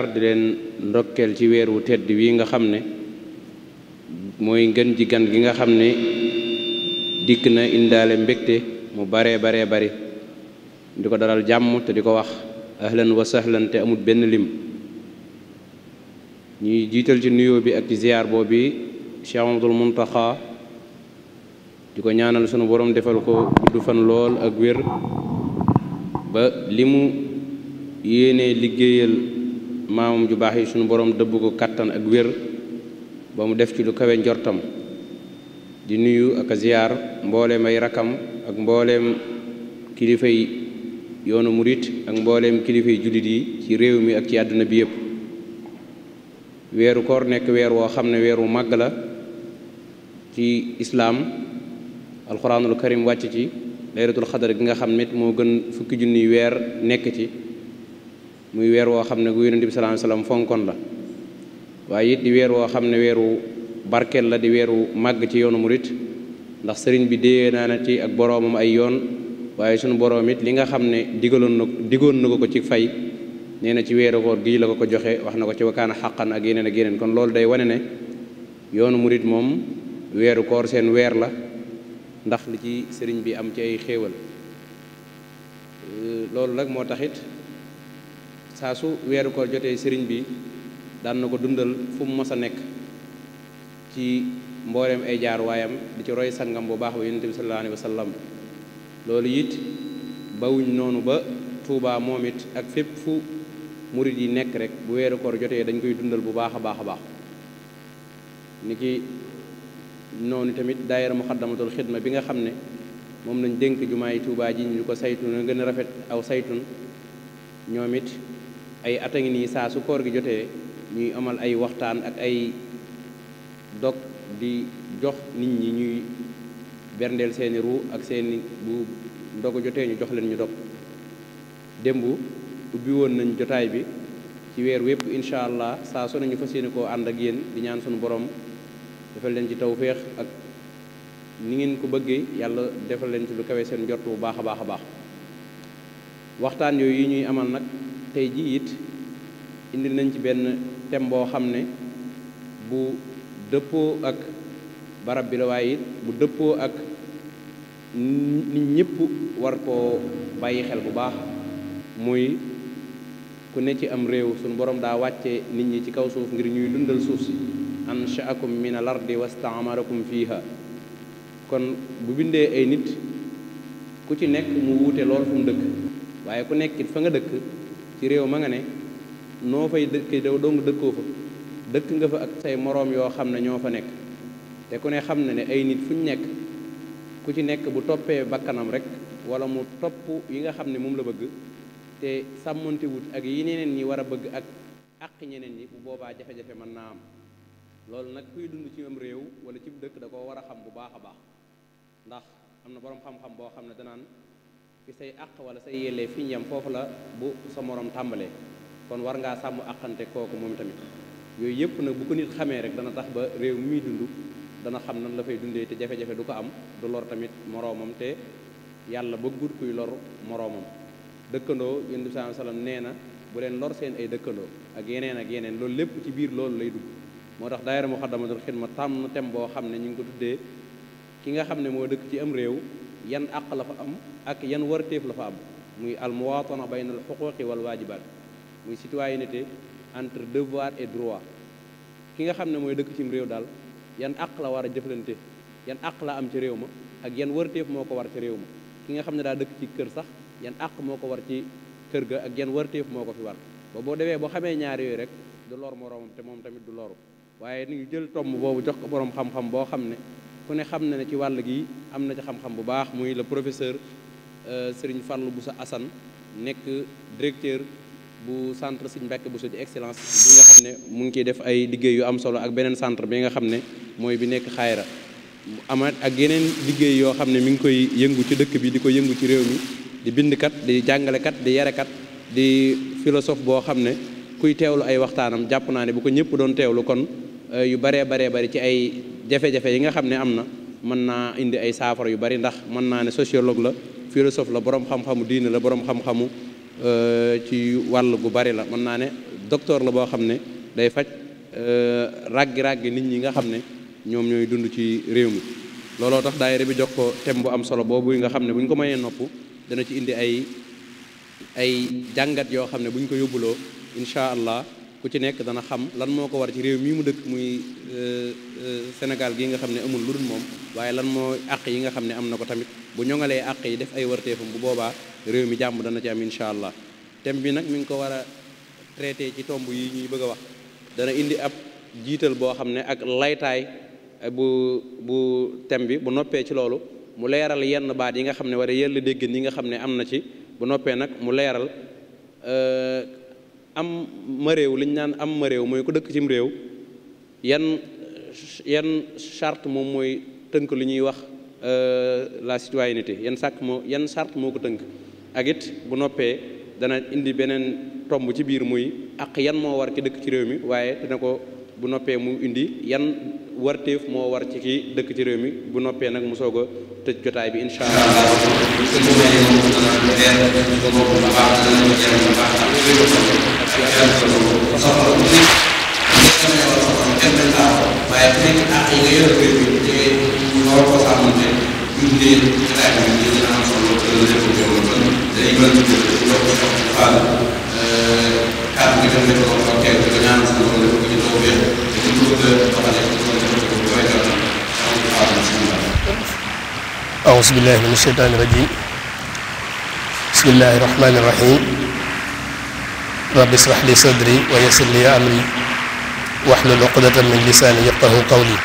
Dakar di leen ndokkeel ci weer wu tedd wii nga xam ne mooy ngën ji gan gi nga xam ne dikk na indaale mbégte mu baree baree bari di ko daral jàmm te di ko wax ahlan wa sahlan te amul benn lim ñuy jiital ci nuyoo bi ak ci ziar boobu Cheikh Amadul Muntaxa di ko ñaanal sunu borom defal ko gudd fan lool ak wér ba li mu yéenee liggéeyal maamam ju baax yi sunu boroom dëbb ko kàttan ak wér ba mu def ci lu kawe njortam di nuyu ak a ziyaar mbooleem ay rakam ak mbooleem kilifay yoonu murit ak mbooleem kilifay jullit yi ci réew mi ak ci àdduna bi yépp weeru koor nekk weer woo xam ne weer wu màgg la ci islaam alxuraanul karim wàcc ci laylatul xadar gi nga xam nit moo gën fukki junniy weer nekk ci muy weer woo xam ne gu yonent bi sallallahu alayhi wasallam fonkoon waaye it weer woo xam ne weeru barkeel la di weeru màgg ci yoonu murit ndax sëriñ bi déyee naa na ci ak boroomam ay yoon waaye sunu boroom it li nga xam ne digaloon na digoon na ko ko ci fay nee na ci weeru koor gii la ko ko joxe wax na ko ci wakaana xàqan ak yeneen ak yeneen kon loolu day wane ne yoonu murit moom weeru koor seen weer la ndax li ci sëriñ bi am ci ay xéewal loolu nag moo taxit saa su weeru koor jotee sëriñ bi daan na ko dundal fu mu mos a nekk ci mbooleem ay jaar waayam di ci roy sangam bu baax ba yonent bi sallallahu alayhi loolu it bawuñ noonu ba Tuubaa moom it ak fépp fu murit yi nekk rek bu weeru koor jotee dañ koy dundal bu baax a baax a baax ni ki noonu tamit daayira muxaddamatul xidma bi nga xam ne moom lañ dénk jumaa yi Tuubaa ji ñu ko saytu na gën a rafet aw saytun ñoom it ay at a ngi nii saa su koor gi jotee ñuy amal ay waxtaan ak ay dog di jox nit ñi ñuy berndeel seeni ru ak seeni bu ndogu jotee ñu jox leen ñu dog démb ubbi woon nañ jotaay bi ci weer wépp incha allah saa su nañu fas yéene koo ànd ak yéen di ñaan suñu borom defal leen ci tawféex ak ni ngeen ko bëggee yàlla defal leen ci lu kawee seen jot bu baax a baax a baax waxtaan yooyu ñuy amal nag tey jii it indi nañ ci benn thème boo xam ne bu dëppoo ak barab bi la waaye bu dëppoo ak nit ñëpp war koo bàyyi xel bu baax muy ku ne ci am réew sunu boroom daa wàcce nit ñi ci kaw suuf ngir ñuy dundal suuf si anshaakum min al di wastaamarakum fiha kon bu bindee ay nit ku ci nekk mu wuute lool fu mu dëkk waaye ku nekk fa nga dëkk ci réew ma nga ne noo fay dëkk daw dong dëkkoo fa dëkk nga fa ak say moroom yoo xam ne ñoo fa nekk te ku ne xam na ne ay nit fu ñu nekk ku ci nekk bu toppee bakkanam rek wala mu topp yi nga xam ne moom la bëgg te sàmmante wut ak yi ñeneen ñi war a bëgg ak àq ñeneen yi bu boobaa jafe-jafe mën naa am loolu nag kuy dund ci am réew wala ci dëkk da koo war a xam bu baax a baax ndax am na boroom xam-xam boo xam ne danaan fi say àq wala say yellee fi ñam foofu la bu sa morom tàmbalee kon war ngaa sàmm àqante kooku moom tamit yooyu yëpp nag bu ko nit xamee rek dana tax ba réew mi muy dund dana xam nan dafay dundee te jafe-jafe du ko am du lor tamit moroomam te yàlla bëggut kuy lor moroomam dëkkandoo yonent bi sallallahu nee na bu leen lor seen ay dëkkandoo ak yeneen ak yeneen loolu lépp ci biir loolu lay dugg moo tax daayira Muxaddamatul Xidma tàmm tem boo xam ne ñu ngi ko tuddee ki nga xam ne moo dëkk ci am réew yan àq la fa am ak yan warteef la fa am muy almuwaatana bayna al xuquqi wal waajibaat muy citoyenneté entre devoir et droit ki nga xam ne mooy dëkk cim réew daal yan àq la war a jëflante yan àq la am ci réew ma ak yan warteef moo ko war ci réew ma ki nga xam ne daa dëkk ci kër sax yan àq moo ko war ci kër ga ak yan warteef moo ko fi war ba boo demee boo xamee ñaar yooyu rek du lor moroomam te moom tamit du loru waaye ni ñu jël tomb boobu jox ko boroom xam-xam boo xam ne ku ne xam na ne ci wàll gi am na ci xam-xam bu baax muy le professeur Euh, Serigne bu sa Assane nekk directeur bu centre Serigne Mbacké Bousso di excellence bi nga xam ne mu ngi ciy def ay liggéey yu am solo ak beneen centre bi nga xam ne mooy bi nekk Xayra amaat ak yeneen liggéey yoo xam ne mi ngi koy yëngu ci dëkk bi di ko yëngu ci réew mi di bindkat di jàngalekat di yarekat di philosophe boo xam ne kuy teewlu ay waxtaanam jàpp naa ne bu ko ñëpp doon teewlu kon euh, yu baree baree bari ci ay jafe yi nga xam ne am na mën naa indi ay saafara yu bari ndax mën naa ne sociologue la philosophe la borom xam-xamu diine la borom xam-xamu euh, ci wàll gu bari la mën naa ne docteur la boo xam ne day faj euh, ràggi ràggi nit ñi nga xam ne ñoom ñooy dund ci réew mi. looloo tax daayira bi jox ko tem bu am solo boobu nga xam ne bu ñu ko mayee nopp dana ci indi ay ay jàngat yoo xam ne bu ñu ko yóbbuloo incha allah. ku ci nekk dana xam lan moo ko war ci réew mii mu dëkk muy euh, euh, Sénégal gi nga xam ne amul lu dul moom waaye lan moo àq yi nga xam ne am na ko tamit bu ñoŋalee àq yi def ay warteefam bu boobaa réew mi jàmm dana ci am allah thème bi nag mi ngi ko war a traité ci tomb yi ñuy bëgg a wax dana indi ab jiital boo xam ne ak laytaay bu bu thème bi bu noppee ci loolu mu leeral yenn baat yi nga xam ne war a yell dégg ñi nga xam ne am na ci bu noppee nag mu leeral euh, am ma réew li ñu naan am ma réew mooy ko dëkk cim réew yan yan charte moom mooy tënk li ñuy wax euh, la citoyenneté yan sàkk moo yan charte moo ko tënk ak it bu noppee dana indi beneen tomb ci biir muy ak yan moo war ki dëkk ci réew mi waaye dina ko bu noppee mu indi yan warteef moo war ci ki dëkk ci réew mi bu noppee nag mu soog a tëj jotaay bi incha allah. waaye wér te buñ ko bëgg a doxalee buñ ko bëgg a def ba weesoo tam amul xaaral si ñun daal. أعوذ بالله من الشيطان الرجيم بسم الله الرحمن الرحيم رب اشرح لي صدري ويسر لي أمري واحلل عقدة من لساني يفقه قولي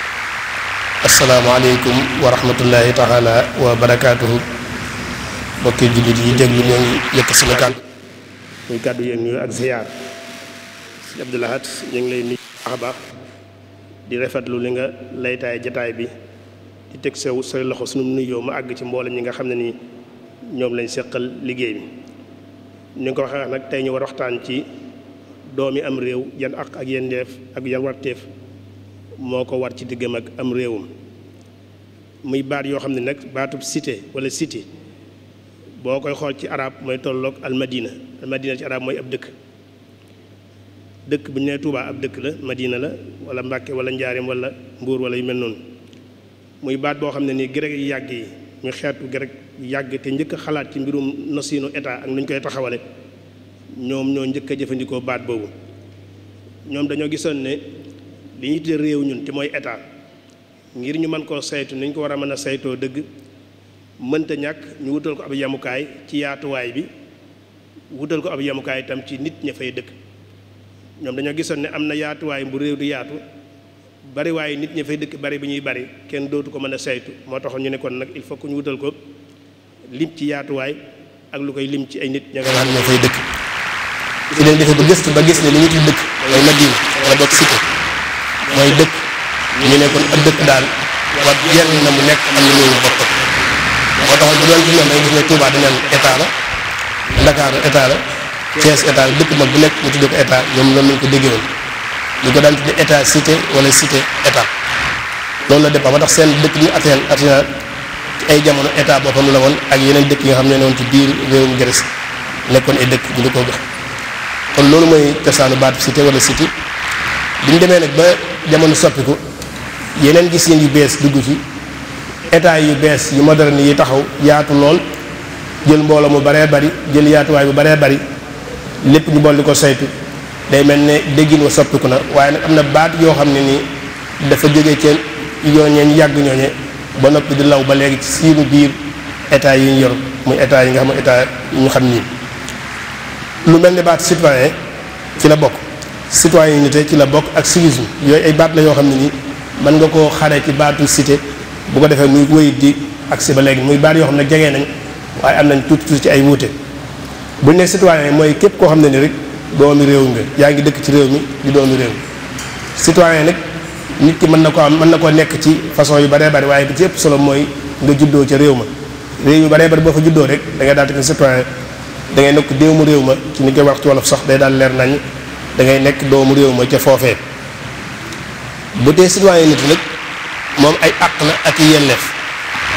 asalaamaaleykum wa rahmatullahi taala wa barakaatuhu mbokki jullit yi déglu ñoo ngi yëkk suñu kàddu muy kàddu yéen ñu ak ziyaar si Abdoulahat ñu ngi lay nuyu baax a baax di rafetlu li nga laytaay jataay bi di teg sew say loxo sunu nuyoo ma àgg ci mboolem ñi nga xam ne nii ñoom lañ seqal liggéey bi ni nga ko waxee nag tey ñu war waxtaan ci doomi am réew yan ak ak yan def ak yan warteef moo ko war ci diggam ak am réewam muy baat yoo xam ne nag baatub cité wala siti boo koy xool ci arab mooy tolloog almadina almadina ci arab mooy ab dëkk dëkk bu ñu nee Touba ab dëkk la Madina la wala Mbàkke wala Njaareem wala Mbuur wala yu mel noonu muy baat boo xam ne ni grec yàgg yi ñu xeetu grec yàgg te njëkk a xalaat ci mbirum nosiinu état ak nu ñu koy taxawale ñoom ñoo njëkk a jëfandikoo baat boobu ñoom dañoo gisoon ne li ñu tuddee réew ñun te mooy état ngir ñu mën koo saytu ni ñu ko war a mën a saytoo dëgg mënta ñàkk ñu wutal ko ab yamukaay ci yaatuwaay bi wutal ko ab yamukaay itam ci nit ña fay dëkk ñoom dañoo gisoon ne am na yaatuwaay bu réew di yaatu bari waaye nit ña fay dëkk bari bi ñuy bari kenn dootu ko mën a saytu moo taxoon ñu nekkoon nag il faut que ñu wutal ko lim ci yaatuwaay ak lu koy lim ci ay nit ña nga xam ne dëkk su defee ba gëstu ba gis ne li ñu tudd dëkk mooy madin wala boog cité mooy dëkk ñu ne kon ab dëkk daal war yenn na mu nekk am na ñooñu bokk moo tax bu doon ci ñoom dañuy gis ne Touba dinañ état Ndakaaru état la Thiès état dëkk mag bu nekk mu tuddee ko état ñoom noonu lañ ko déggee woon ñu ko daan tuddee état cité wala loolu la dépend ba tax seen dëkk ñu Athènes Athènes ay jamono état boppam la woon ak yeneen dëkk yi xam ne ne ci biir réewum Grèce nekkoon dëkk ñu di kon loolu mooy cosaanu baat cité wala cité bi ñu demee nag ba jamono ko yeneen gis yéen yu bees dugg ci état yu bees yu moderne yi taxaw yaatu lool jël mbooloo mu baree bari jël yaatuwaay bu baree bari lépp ñu bool di ko saytu day mel ne déggin wa soppiku na waaye nag am na baat yoo xam ne nii dafa jóge ci yooñee ñu yàgg ñooñe ba noppi di law ba léegi ci siinu biir état yi ñu yor muy état yi nga xam ne état ñu xam nii lu mel ni baat citoyen ci la bokk citoyenneté ci la bokk ak civisme yooyu ay baat la yoo xam ne nii mën nga koo xare ci baatu cité bu ko defee muy di ak si ba léegi muy baat yoo xam ne jege nañ waaye am nañ tuuti tuuti ci ay wuute bu ñu nee citoyen mooy képp koo xam ne ni rek doomi réew nga yaa ngi dëkk ci réew mi di doomi réew citoyen nag nit ki mën na ko am mën na koo nekk ci façon yu baree bari waaye bi ci ëpp solo mooy nga juddoo ca réew ma réew yu bare bari boo fa juddoo rek da ngay daal di citoyen da ngay nekk déewu réew ma ci ni koy wax ci sax day daal leer nañ dangay nekk doomu réew ma ca foofee bu dee citoyen nit nag moom ay àq la ak i yelleef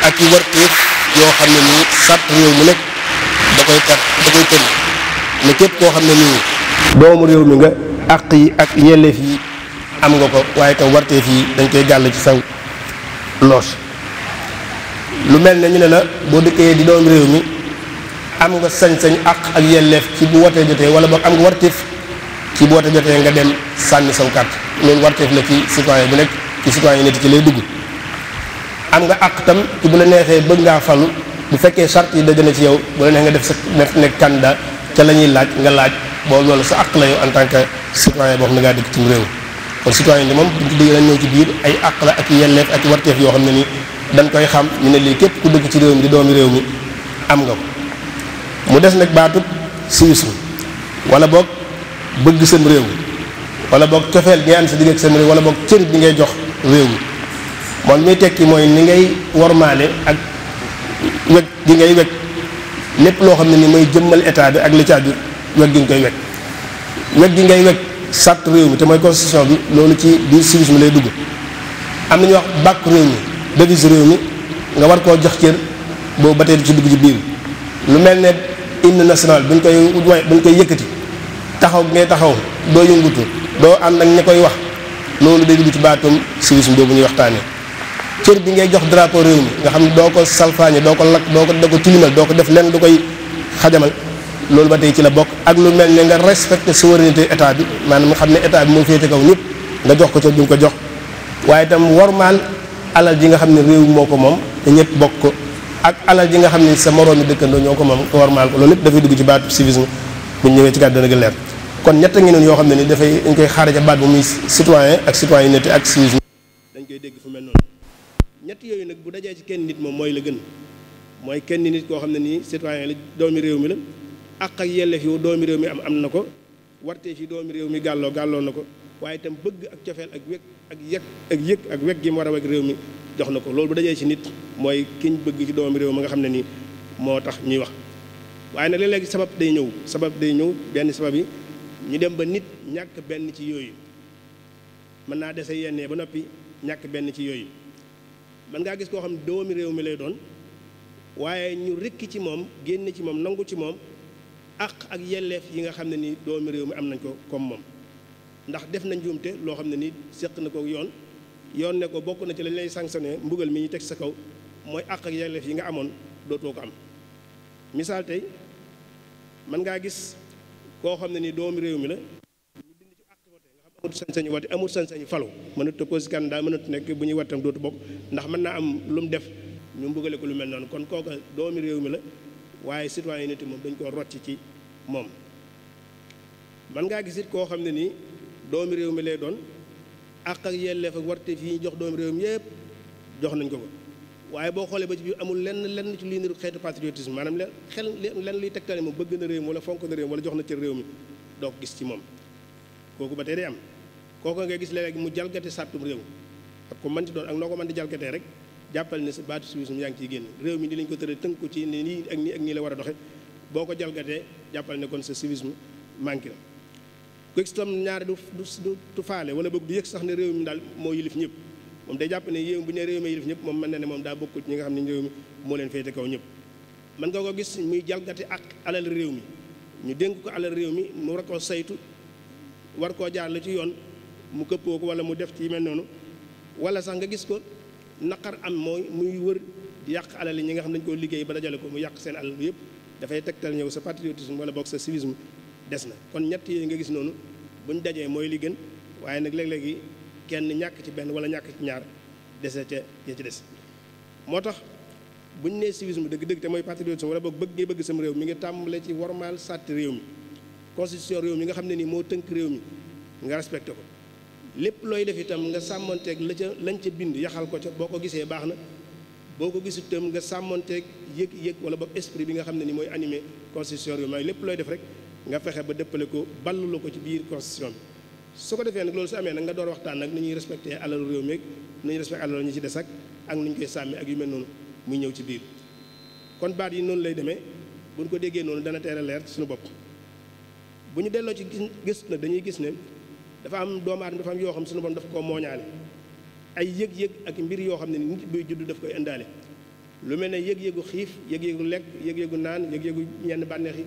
ak i yoo xam ne nii sàtt mu nekk da koy kat da koy tënk ne képp koo xam ne nii doomu réew mi nga àq yi ak yelleef yi am nga ko waaye tam warteef yi dañ koy gàll ci saw loos lu mel ne ñu ne la boo dëkkee di doomu réew mi am nga sañ-sañ àq ak yelleef ci bu wootee jotee wala boog am nga warteef ci bu wootee jotee nga dem sànni saw kàtt loolu warteef la ci citoyen bi nekk ci citoyen yi nekk ci lay dugg am nga àq tam ci bu la neexee bëgg ngaa falu bu fekkee charte yi dajale ci yow bu la neex nga def sa nekk candidat ca la ñuy laaj nga laaj boo loolu sa àq la yow en tant que citoyen boo xam ne ngaa dëkk ci réew kon citoyen bi moom buñ ko déggee dañ àq ak yelleef ak warteef yoo xam ne ni dañ koy xam ñu ne lii képp ku dëkk ci réew mi di doomi am nga ko mu des nag baatut civisme wala boog bëgg sam réew wala boog cofeel gi nga ànd sa digg wala boog cër bi ngay jox réew mi moom li muy tekki mooy ni ngay wormaale ak weg gi ngay weg lépp loo xam ne ni may jëmmal état bi ak li ci aju weg gi nga koy weg weg gi ngay weg sàrt réew mi te mooy constitution bi loolu ci biir civisme lay dugg am na ñuy wax bàkk réew mi devise nga war koo jox cër boobu ba tey du ci lu mel ne hymne national buñ koy buñ koy yëkkati taxaw ngay taxaw doo yëngutu doo ànd ak ña koy wax loolu day dugg ci baatum civisme boobu ñuy waxtaanee. cër bi ngay jox drapeau réew mi nga xam ne doo ko salfaañe doo ko lakk doo ko doo ko tilimal doo ko def leen du koy xajamal loolu ba tey ci la bokk ak lu mel ne nga respecté souveraineté état bi maanaam nga xam ne état bi moo féete kaw ñëpp nga jox ko cër ko jox waaye itam warmaal alal ji nga xam ne réew moo ko moom te ñëpp bokk ko ak alal ji nga xam ne sa moroomi dëkkandoo ñoo ko moom ko warmaal ko loolu lépp dafay dugg ci baatu civisme bu ñu ñëwee ñett ngi yoo xam ne ni dafay koy xaare ca baat bu muy citoyen ak citoyenneté ak dañ koy dégg fu mel noonu ñett yooyu nag bu dajee ci kenn nit moom mooy la gën mooy kenn nit koo xam ne nii citoyen la doomi réew mi la àq ak yelleef yu doomi réew mi am am na ko wartee fi doomi réew mi gàlloo gàlloo na ko waaye itam bëgg ak cofeel ak wég ak yëg ak yëg ak weg gi mu war a weg réew mi jox na ko loolu bu dajee ci nit mooy kiñ bëgg ci doomi réew mi nga xam ne nii moo tax ñuy wax waaye nag léeg-léegi sabab day ñëw sabab day ñëw benn sabab yi ñu dem ba nit ñàkk benn ci yooyu mën naa dese yennee ba noppi ñàkk benn ci yooyu man ngaa gis koo xam ne doomi réew mi lay doon waaye ñu rikki ci moom génn ci moom nangu ci moom àq ak yelleef yi nga xam ne ni doomi réew mi am nañ ko comme moom ndax def na njuumte loo xam ne ni séq na ko yoon yoon ne ko bokk na ci lañ lay sanctionné mbugal mi ñu teg sa kaw mooy àq ak yelleef yi nga amoon dootoo ko am misaal tey mën ngaa gis koo xam ne ni doomi réew mi la amut sañ-sañu wate amut sañ-sañu falu mënut a pose candidat mënut nekk bu ñuy wattam dootu bokk ndax mën naa am lu mu def ñu mbugale ko lu mel noonu kon kooka doomi réew mi la waaye citoyenneté moom dañ koo rocc ci moom man ngaa gis koo xam ne nii doomi réew mi lay doon àq ak yelleef ak warte fii ñu jox doomi réew mi yëpp jox nañ ko ko waaye boo xoolee ba ci biir amul lenn lenn ci lii niru xeetu patriotisme maanaam leen xel lenn liy tegtale moom bëgg na réew mi wala fonk na réew mi wala jox na ci réew mi doo ko gis ci moom kooku ba tey day am kooku nga gis léeg-léeg mu jalgati sàrtum réew ak ko mën ci doon ak noo ko mën di jalgatee rek jàppal ne sa baatu suwisum yaa ngi ciy génn réew mi di lañ ko tëral tënk ko ci ni nii ak nii ak nii la war a doxe boo ko jalgatee jàppal ne kon sa civisme manqué la ko gis tam du du faale wala boog du sax ne réew mi daal moo yilif ñëpp moom jàpp ne yéew bu ne réew mi ñëpp moom mën na ne moom daa bokk ci ñi nga xam ne réew mi moo nga ko gis muy jalgati ak alal réew mi ñu dénk ko alal réew mi mu war saytu war koo jaar la ci yoon mu këppoo ko wala mu def ci mel noonu wala sax nga gis ko naqar am mooy muy wër di yàq alal yi ñi nga xam dañu koo liggéey ba dajale ko mu yàq seen alal yëpp dafay tegtal ñëw sa patriotisme wala boog sa civisme des na kon ñett yooyu nga gis noonu buñ dajee mooy li gën waaye nag léeg-léegi kenn ñàkk ci benn wala ñàkk ci ñaar dese ca ya ci des moo tax buñ nee civisme dëgg-dëgg te mooy patriotisme wala boog bëggee bëgg sam réew mi ngi tàmbale ci wormaal sàtt réew mi constitution réew mi nga xam ne ni moo tënk réew mi nga respecté ko lépp looy def itam nga sàmmonteeg la ca lañ ca bind yaxal ko ca boo ko gisee baax na boo ko gisu itam nga sàmmonteeg yëg-yëg wala boog esprit bi nga xam ne ni mooy animé constitution réew mi lépp looy def nga fexe ba dëppale ko ballu ko ci biir constitution bi su defee nag loolu su amee nag nga door waxtaan nag ni ñuy respecté alalu réew mi ni ñuy respecté ñu ci des ak ak ni ak yu mel noonu muy ñëw ci biir kon baat yi noonu lay demee buñ ko déggee noonu dana teel a leer suñu bopp bu ñu delloo ci gis na dañuy gis ne dafa am doomu aadama dafa am yoo xam suñu bon dafa koo mooñaale ay yëg-yëg ak mbir yoo xam ne nit buy judd daf koy indaale lu mel ne yëg-yëgu xiif yëg-yëgu lekk yëg-yëgu naan yëg-yëgu ñenn bànneex yi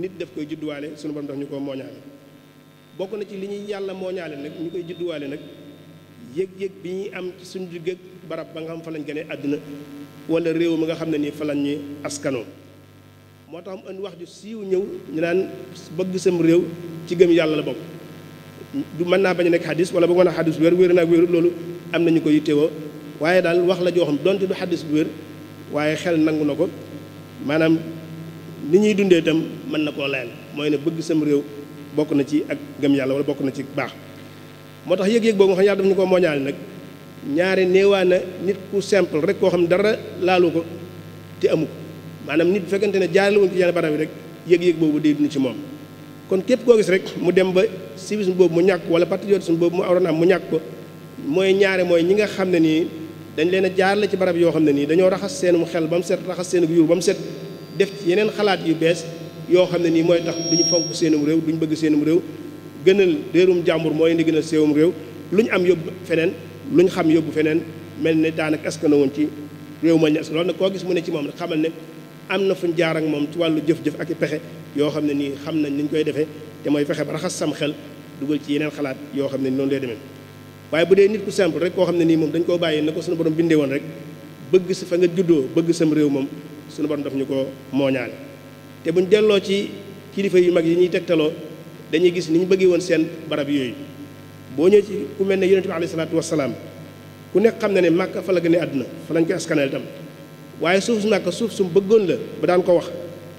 nit daf koy judduwaale suñu borom daf ñu ko mooñaale bokk na ci li ñuy yàlla mooñaale nag ñu koy judduwaale nag yëg-yëg bi ñuy am ci suñu digg barab ba nga xam fa lañ gënee àddina wala réew mi nga xam ne nii fa lañ ñuy askanoo moo tax mu indi wax ju siiw ñëw ñu naan bëgg sam réew ci gëm yàlla la bokk du mën naa bañ nekk xadis wala ba mën a xadis bu wér wér naag wéru loolu am nañu ko yittewoo waaye daal wax la joo xam donte du xadis bu wér waaye xel nangu na ko maanaam ni ñuy dundee itam mën na koo layal mooy ne bëgg sam réew bokk na ci ak gëm yàlla wala bokk na ci baax moo tax yëg-yëg boobu nga xam yàlla daf ñu ko mooñaale nag ñaari néewaa na nit ku simple rek koo xam dara laalu ko te amu maanaam nit bu fekkente ne jaarale wuñ ko yenn barab yi rek yëg-yëg boobu day dund ci moom kon képp koo gis rek mu dem ba civisme boobu mu ñàkk wala patriotisme boobu mu aroon am mu ñàkk ko mooy ñaare mooy ñi nga xam ne nii dañ leen a jaarale ci barab yoo xam ne nii dañoo raxas seenum xel ba mu set raxas seen yur ba mu set def ci yeneen xalaat yu bees yoo xam ne nii mooy tax duñu fonk seenum réew duñu bëgg seenum réew gënal réerum jàmbur mooy indi gënal séewum réew lu ñu am yóbbu feneen lu ñu xam yóbbu feneen mel ne daanaka askan woon ci réew ma ñes loolu nag koo gis mu ne ci moom rek xamal ne am na fuñ jaar ak moom ci wàllu jëf-jëf ak i pexe yoo xam ne nii xam nañ ni ñu koy defee te mooy fexe ba raxas sam xel dugal ci yeneen xalaat yoo xam ne ni noonu lay demee waaye bu dee nit ku simple rek koo xam ne nii moom dañ koo bàyyi na ko suñu borom bindee woon bëgg sa fa nga juddoo bëgg sam réew moom suñu borom daf ñu ko mooñaale te buñ delloo ci kilifa yu mag yi ñuy tegtaloo dañuy gis ni ñu bëggee woon seen barab yooyu boo ñëwee ci ku mel ne yonente bi alayhi salaatu wasalaam ku nekk xam na ne màkk fa la gën àdduna fa lañ koy askanal tam waaye suuf su nag suuf su mu bëggoon la ba daan ko wax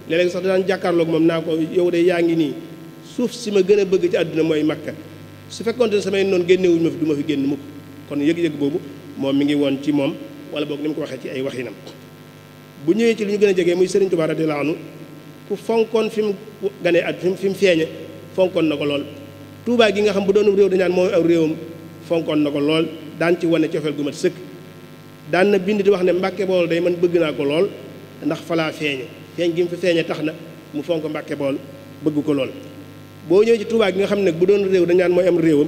léeg sox sax daan jàkkaarloog moom naa ko yow de yaa ngi nii suuf si ma gën a bëgg ci àdduna mooy Makka su fekkoon ne samay noonu génnewuñu ma fi du ma fi génn mukk kon yëg-yëg boobu moom mi ngi woon ci moom wala boog ni mu ko waxee ci ay waxinam bu ñëwee ci li ñu gën a jege muy Serigne Touba radiyallahu anhu ku fonkoon fi mu ganee at fim fi mu feeñe fonkoon na ko lool Touba gi nga xam bu doon réew dañaan mooy aw réewam fonkoon na ko lool daan ci wane cofeel gu mat sëkk daan na bind di wax ne mbàkke bool day man bëgg naa ko lool ndax falaa feeñe feeñ gi mu fi feeñe tax na mu fonk mbàkke bool bëgg ko lool boo ñëwee ci Tuubaa gi nga xam ne bu doon réew dañ naan mooy am réewam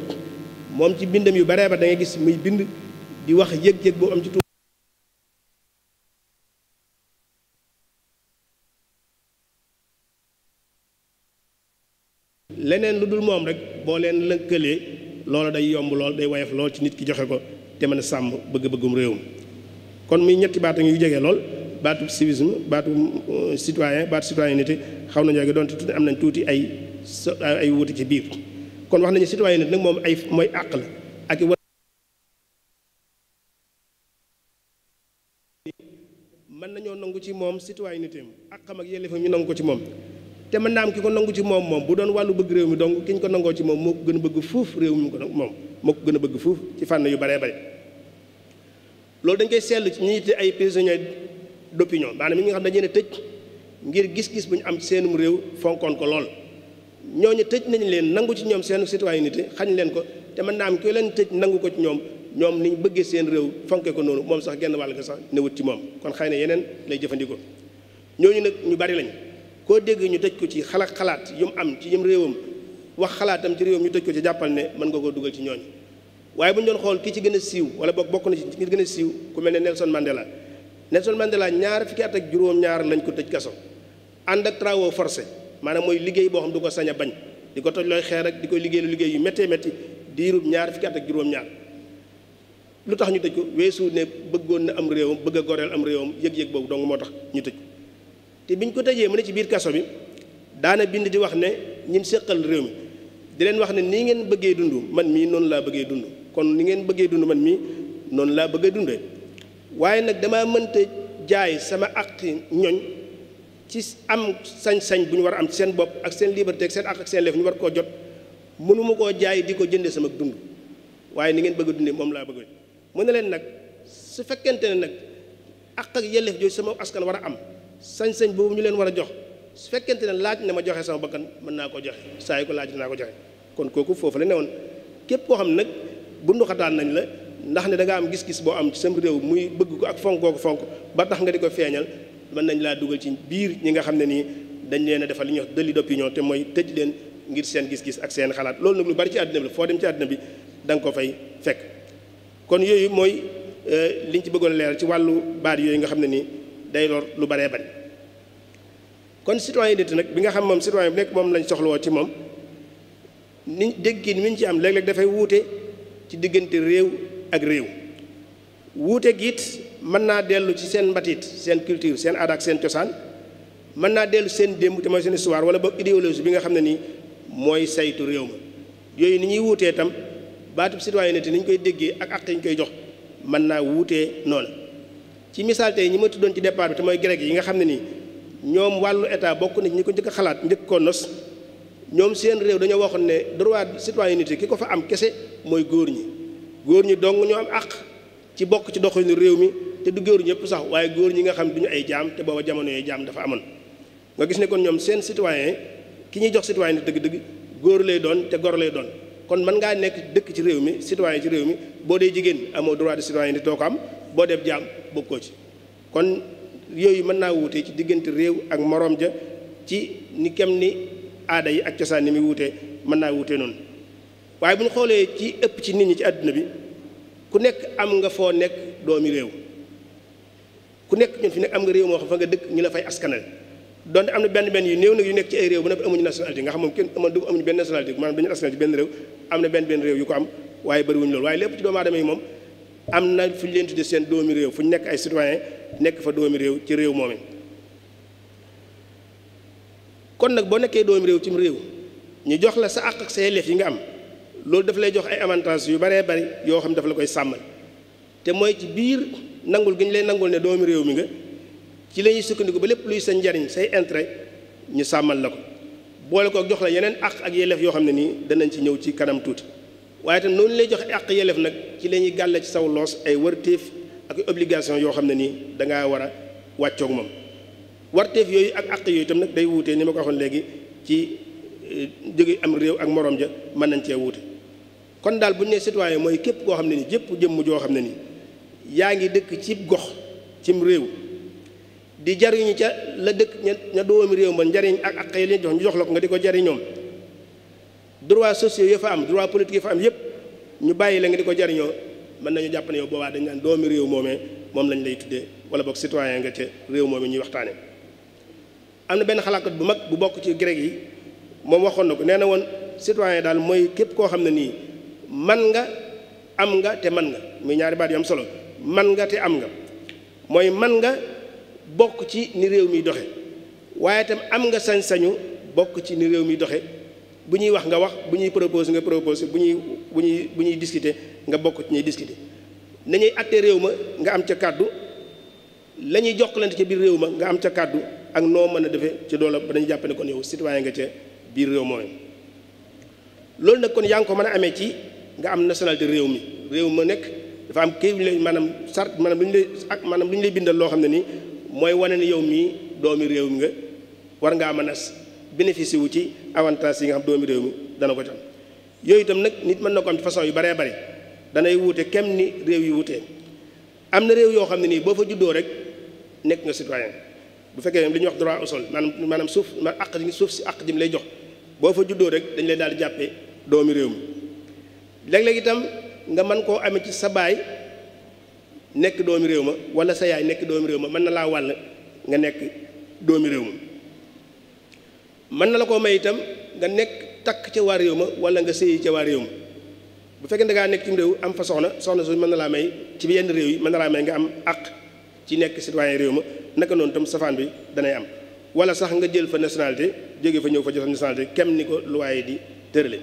moom ci bindam yu baree ba dangay gis muy bind di wax yëg-yëg boo am ci Tuubaa leneen lu dul moom rek boo leen lëkkalee loola day yomb lool day woyof lool ci nit ki joxe ko te mën a sàmm bëgg-bëggum réewam kon muy ñetti baat yu jege lool baatu civisme baatu euh, citoyen baatu citoyenneté xaw nañoo gi doonte tuuti am nañ tuuti ay ay wuti ci biir kon wax nañu citoyenneté nag moom ay mooy àq la ak mën nañoo nangu ci moom citoyenneté am ak xam ak yelleefam ñu nangu ko ci moom te mën naa am ki ko nangu ci moom moom bu doon wàllu bëgg réew mi donc ki ñu ko nangoo ci moom moo ko gën a bëgg fuuf réew mi ko moom moo ko gën a bëgg fuuf ci fànn yu baree bare loolu dañ koy seetlu ci ñi te ay prisonniers d'opinion maanaam ñi nga xam dañu leen a tëj ngir gis-gis bu ñu am ci seenum réew fonkoon ko lool ñooñu tëj nañ leen nangu ci ñoom seen citoyenneté xañ leen ko te mën naa am ku leen tëj nangu ko ci ñoom ñoom ni ñu bëggee seen réew fonkee noonu moom sax genn wàll ko sax newut ci moom kon xëy na yeneen lay jëfandikoo ñooñu nag ñu bari lañ koo dégg ñu tëj ko ci xalaat xalaat yu am ci yëm réewam wax xalaatam ci réewam ñu tëj ko ci jàppal ne mën nga koo dugal ci ñooñu waaye bu ñu doon xool ki ci gën a siiw wala bokk bokk na ci ki gën a siiw ku mel ne Nelson Mandela Nelson Mandela ñaar fukki at ak juróom-ñaar lañ ko tëj kaso ànd ak travaux forcés maanaam mooy liggéey boo xam du ko sañ a bañ di ko toj looy xeer ak di koy liggéey lu liggéey yu méttee métti diirub ñaar fukki at ak juróom-ñaar lu tax ñu tëj ko weesu ne bëggoon na am réewam bëgg a goreel am réewam yëg-yëg boobu dong moo tax ñu tëj ko te biñ ko tëjee ma ne ci biir kaso bi daana bind di wax ne ñim séqal réew mi di leen wax ne nii ngeen bëggee dund man mii noonu laa bëggee dund kon ni ngeen bëggee dund man mii noonu laa bëgg a dundee waaye nag damaa mënta jaay sama àq ñoñ ci am sañ-sañ bu ñu war a am seen bopp ak seen liberté ak seen àq ak seen war koo jot mënuma koo jaay di ko jënde sama dund waaye ni ngeen bëgg dundee moom laa bëgg mu ne leen nag su fekkente ne nag àq ak yelleef sama askan war a am sañ-sañ boobu ñu leen war a jox su fekkente ne laaj na ma joxe sama bakkan mën naa ko joxe saa yi ko laaj naa ko joxe kon kooku foofu la ne woon képp koo xam nag bunduxataan nañ la ndax ne danga am gis-gis boo am ci sam réew muy bëgg ko ak fonk koo fonk ba tax nga di ko feeñal mën nañ laa dugal ci biir ñi nga xam ne nii dañ leen a defal li ñuy wax délit d'opinion te mooy tëj leen ngir seen gis-gis ak seen xalaat loolu nag lu bari ci àddina bi foo dem ci bi da nga fay fekk kon yooyu mooy euh, liñ ci bëggoon leeral ci wàllu baat yooyu nga xam ne nii day lor lu baree bari kon citoyenneté nag bi nga xam moom citoyen bi nekk moom lañ soxlawoo ci moom ni dégg ni mi ñu ci am léeg-léeg dafay wuute ci diggante réew ak réew wuute gi mën naa dellu ci seen mbatit seen culture seen aada seen cosaan mën naa dellu seen démb te mooy seen histoire wala boog idéologie bi nga xam ne nii mooy saytu réew ma yooyu ni ñuy wuutee itam baatub citoyenneté ni ñu koy déggee ak acte yi ñu koy jox mën naa wuutee noonu ci misaal tey ñi ma tuddoon ci départ bi te mooy grec yi nga xam ne nii ñoom wàllu état bokk na ñi ko njëkk a xalaat njëkk koo nos ñoom seen réew dañoo waxoon ne droit citoyenneté ki ko fa am kese mooy góor ñi góor ñi dong ñoo am àq ci bokk ci doxalinu réew mi te du góor ñëpp sax waaye góor ñi nga xam duñu ay jaam te booba jamono yooyu jaam dafa amoon nga gis ne kon ñoom seen citoyen ki ñuy jox citoyen dëgg-dëgg góor lay doon te gor lay doon kon mën ngaa nekk dëkk ci réew mi citoyen ci réew mi boo dee jigéen amoo droit de citoyen doo ko am boo dee jaam bokkoo ci kon yooyu mën naa wuute ci diggante réew ak moroom ja ci ni kem ni aada yi ak cosaan ni muy wuute mën naa wuute noonu waaye bu ñu xoolee ci ëpp ci nit ñi ci àdduna bi ku nekk am nga foo nekk doomi réew ku nekk ñun fi nekk am nga réew moo xam fa nga dëkk ñu la fay askanal donte am na benn yu néew nag yu nekk ci ay réew ba noppi amuñu nationalité nga xam moom kenn amoon dugg amuñu benn nationalité maanaam dañu askanal ci benn réew am na benn benn réew yu ko am waaye bëriwuñu loolu waaye lépp ci doomu yi moom am na fu ñu leen tudde seen doomi réew fu ñu nekk ay citoyen nekk fa doomi réew ci réew moomee kon nag boo nekkee doomu réew ci réew ñu jox la sa àq sa yelleef yi nga am loolu daf lay jox ay avantages yu baree bari yoo xam ne daf la koy sàmmal te mooy ci biir nangul gi ñu lay nangul ne doomu réew mi nga ci lañuy sukkandiku ba lépp luy sa njariñ say intérêt ñu sàmmal la ko boole ko jox la yeneen àq ak yelleef yoo xam ne nii danañ ci ñëw ci kanam tuuti waaye itam noonu lay joxe àq yelleef nag ci lañuy ñuy gàll ci saw loos ay wërtéef ak obligation yoo xam ne nii dangaa war a wàccoog moom warteef yooyu ak àq yooyu itam nag day wuute ni ma ko waxoon léegi ci eh, jóge am réew ak moroom ja mën nañ cee wuute kon daal bu ñu nee citoyen mooy képp koo xam ne ni jëpp jëmm joo xam ne nii yaa ngi dëkk ci gox cim réew di jariñu ca la dëkk ña doomi réew ma njariñ ak ak yi leen jox ñu jox la ko nga di ko jariñoom droit sociaux ya fa am droit politique ya fa am yépp ñu bàyyi la nga di ko jariñoo mën nañu jàpp ne boobaa dañ naan doomi réew moomee moom lañ lay tuddee wala boog citoyen nga ca réew moomee ñuy waxtaanee am na benn xalaatkat bu mag bu bokk ci grec yi moom waxoon na ko nee na woon citoyen daal mooy képp koo xam ne nii man nga am nga te man nga muy ñaari baat am solo man nga te am nga mooy man nga bokk ci ni réew mi doxe waaye tam am nga sañ-sañu bokk ci ni réew mi doxe bu ñuy wax nga wax bu ñuy propose nga propose bu ñuy bu ñuy bu ñuy discuter nga bokk ci ñuy discuter nañuy atte réew ma nga am ca kàddu la ñuy jokkalante ca biir réew ma nga am ca kàddu ak noo mën a defee ci doola ba dañu jàpp ne kon yow citoyen nga ca biir réew moomee loolu nag kon yaa ngi ko mën a amee ci nga am na nationalité réew mi réew ma nekk dafa kii lay maanaam sart maanaam lu ñu ak maanaam lu ñu lay bindal loo xam ne nii mooy wane ne yow mii doomi réew mi nga war ngaa mën a bénéficier wu ci avantage yi nga xam doomi réew mi dana ko ci yooyu itam nag nit mën na ko am façon yu baree bare danay wuute kem ni réew yu wuutee am na réew yoo xam ne nii boo fa juddoo rek nekk nga citoyen bu fekkee li ñuy wax droit au sol maanaam maanaam suuf ma àq ji suuf si àq ji mu lay jox boo fa juddoo rek dañ lay daal di jàppee doomi réew mi léeg-léeg itam nga man koo amee ci sa baay nekk doomi réew ma wala sa yaay nekk doomi réew ma mën na laa wàll nga nekk doomi réew ma mën na la koo may itam nga nekk takk ca waa réew ma wala nga sëyi ca waar réew ma bu fekkee da ngaa nekk ci réew am fa soxna soxna su mën na laa may ci yenn réew yi mën na laa may nga am àq ci nekk citoyen réew ma naka noonu tam safaan bi danay am wala sax nga jël fa nationalité jóge fa ñëw fa jël nationalité kem ni ko luwaaye di tërale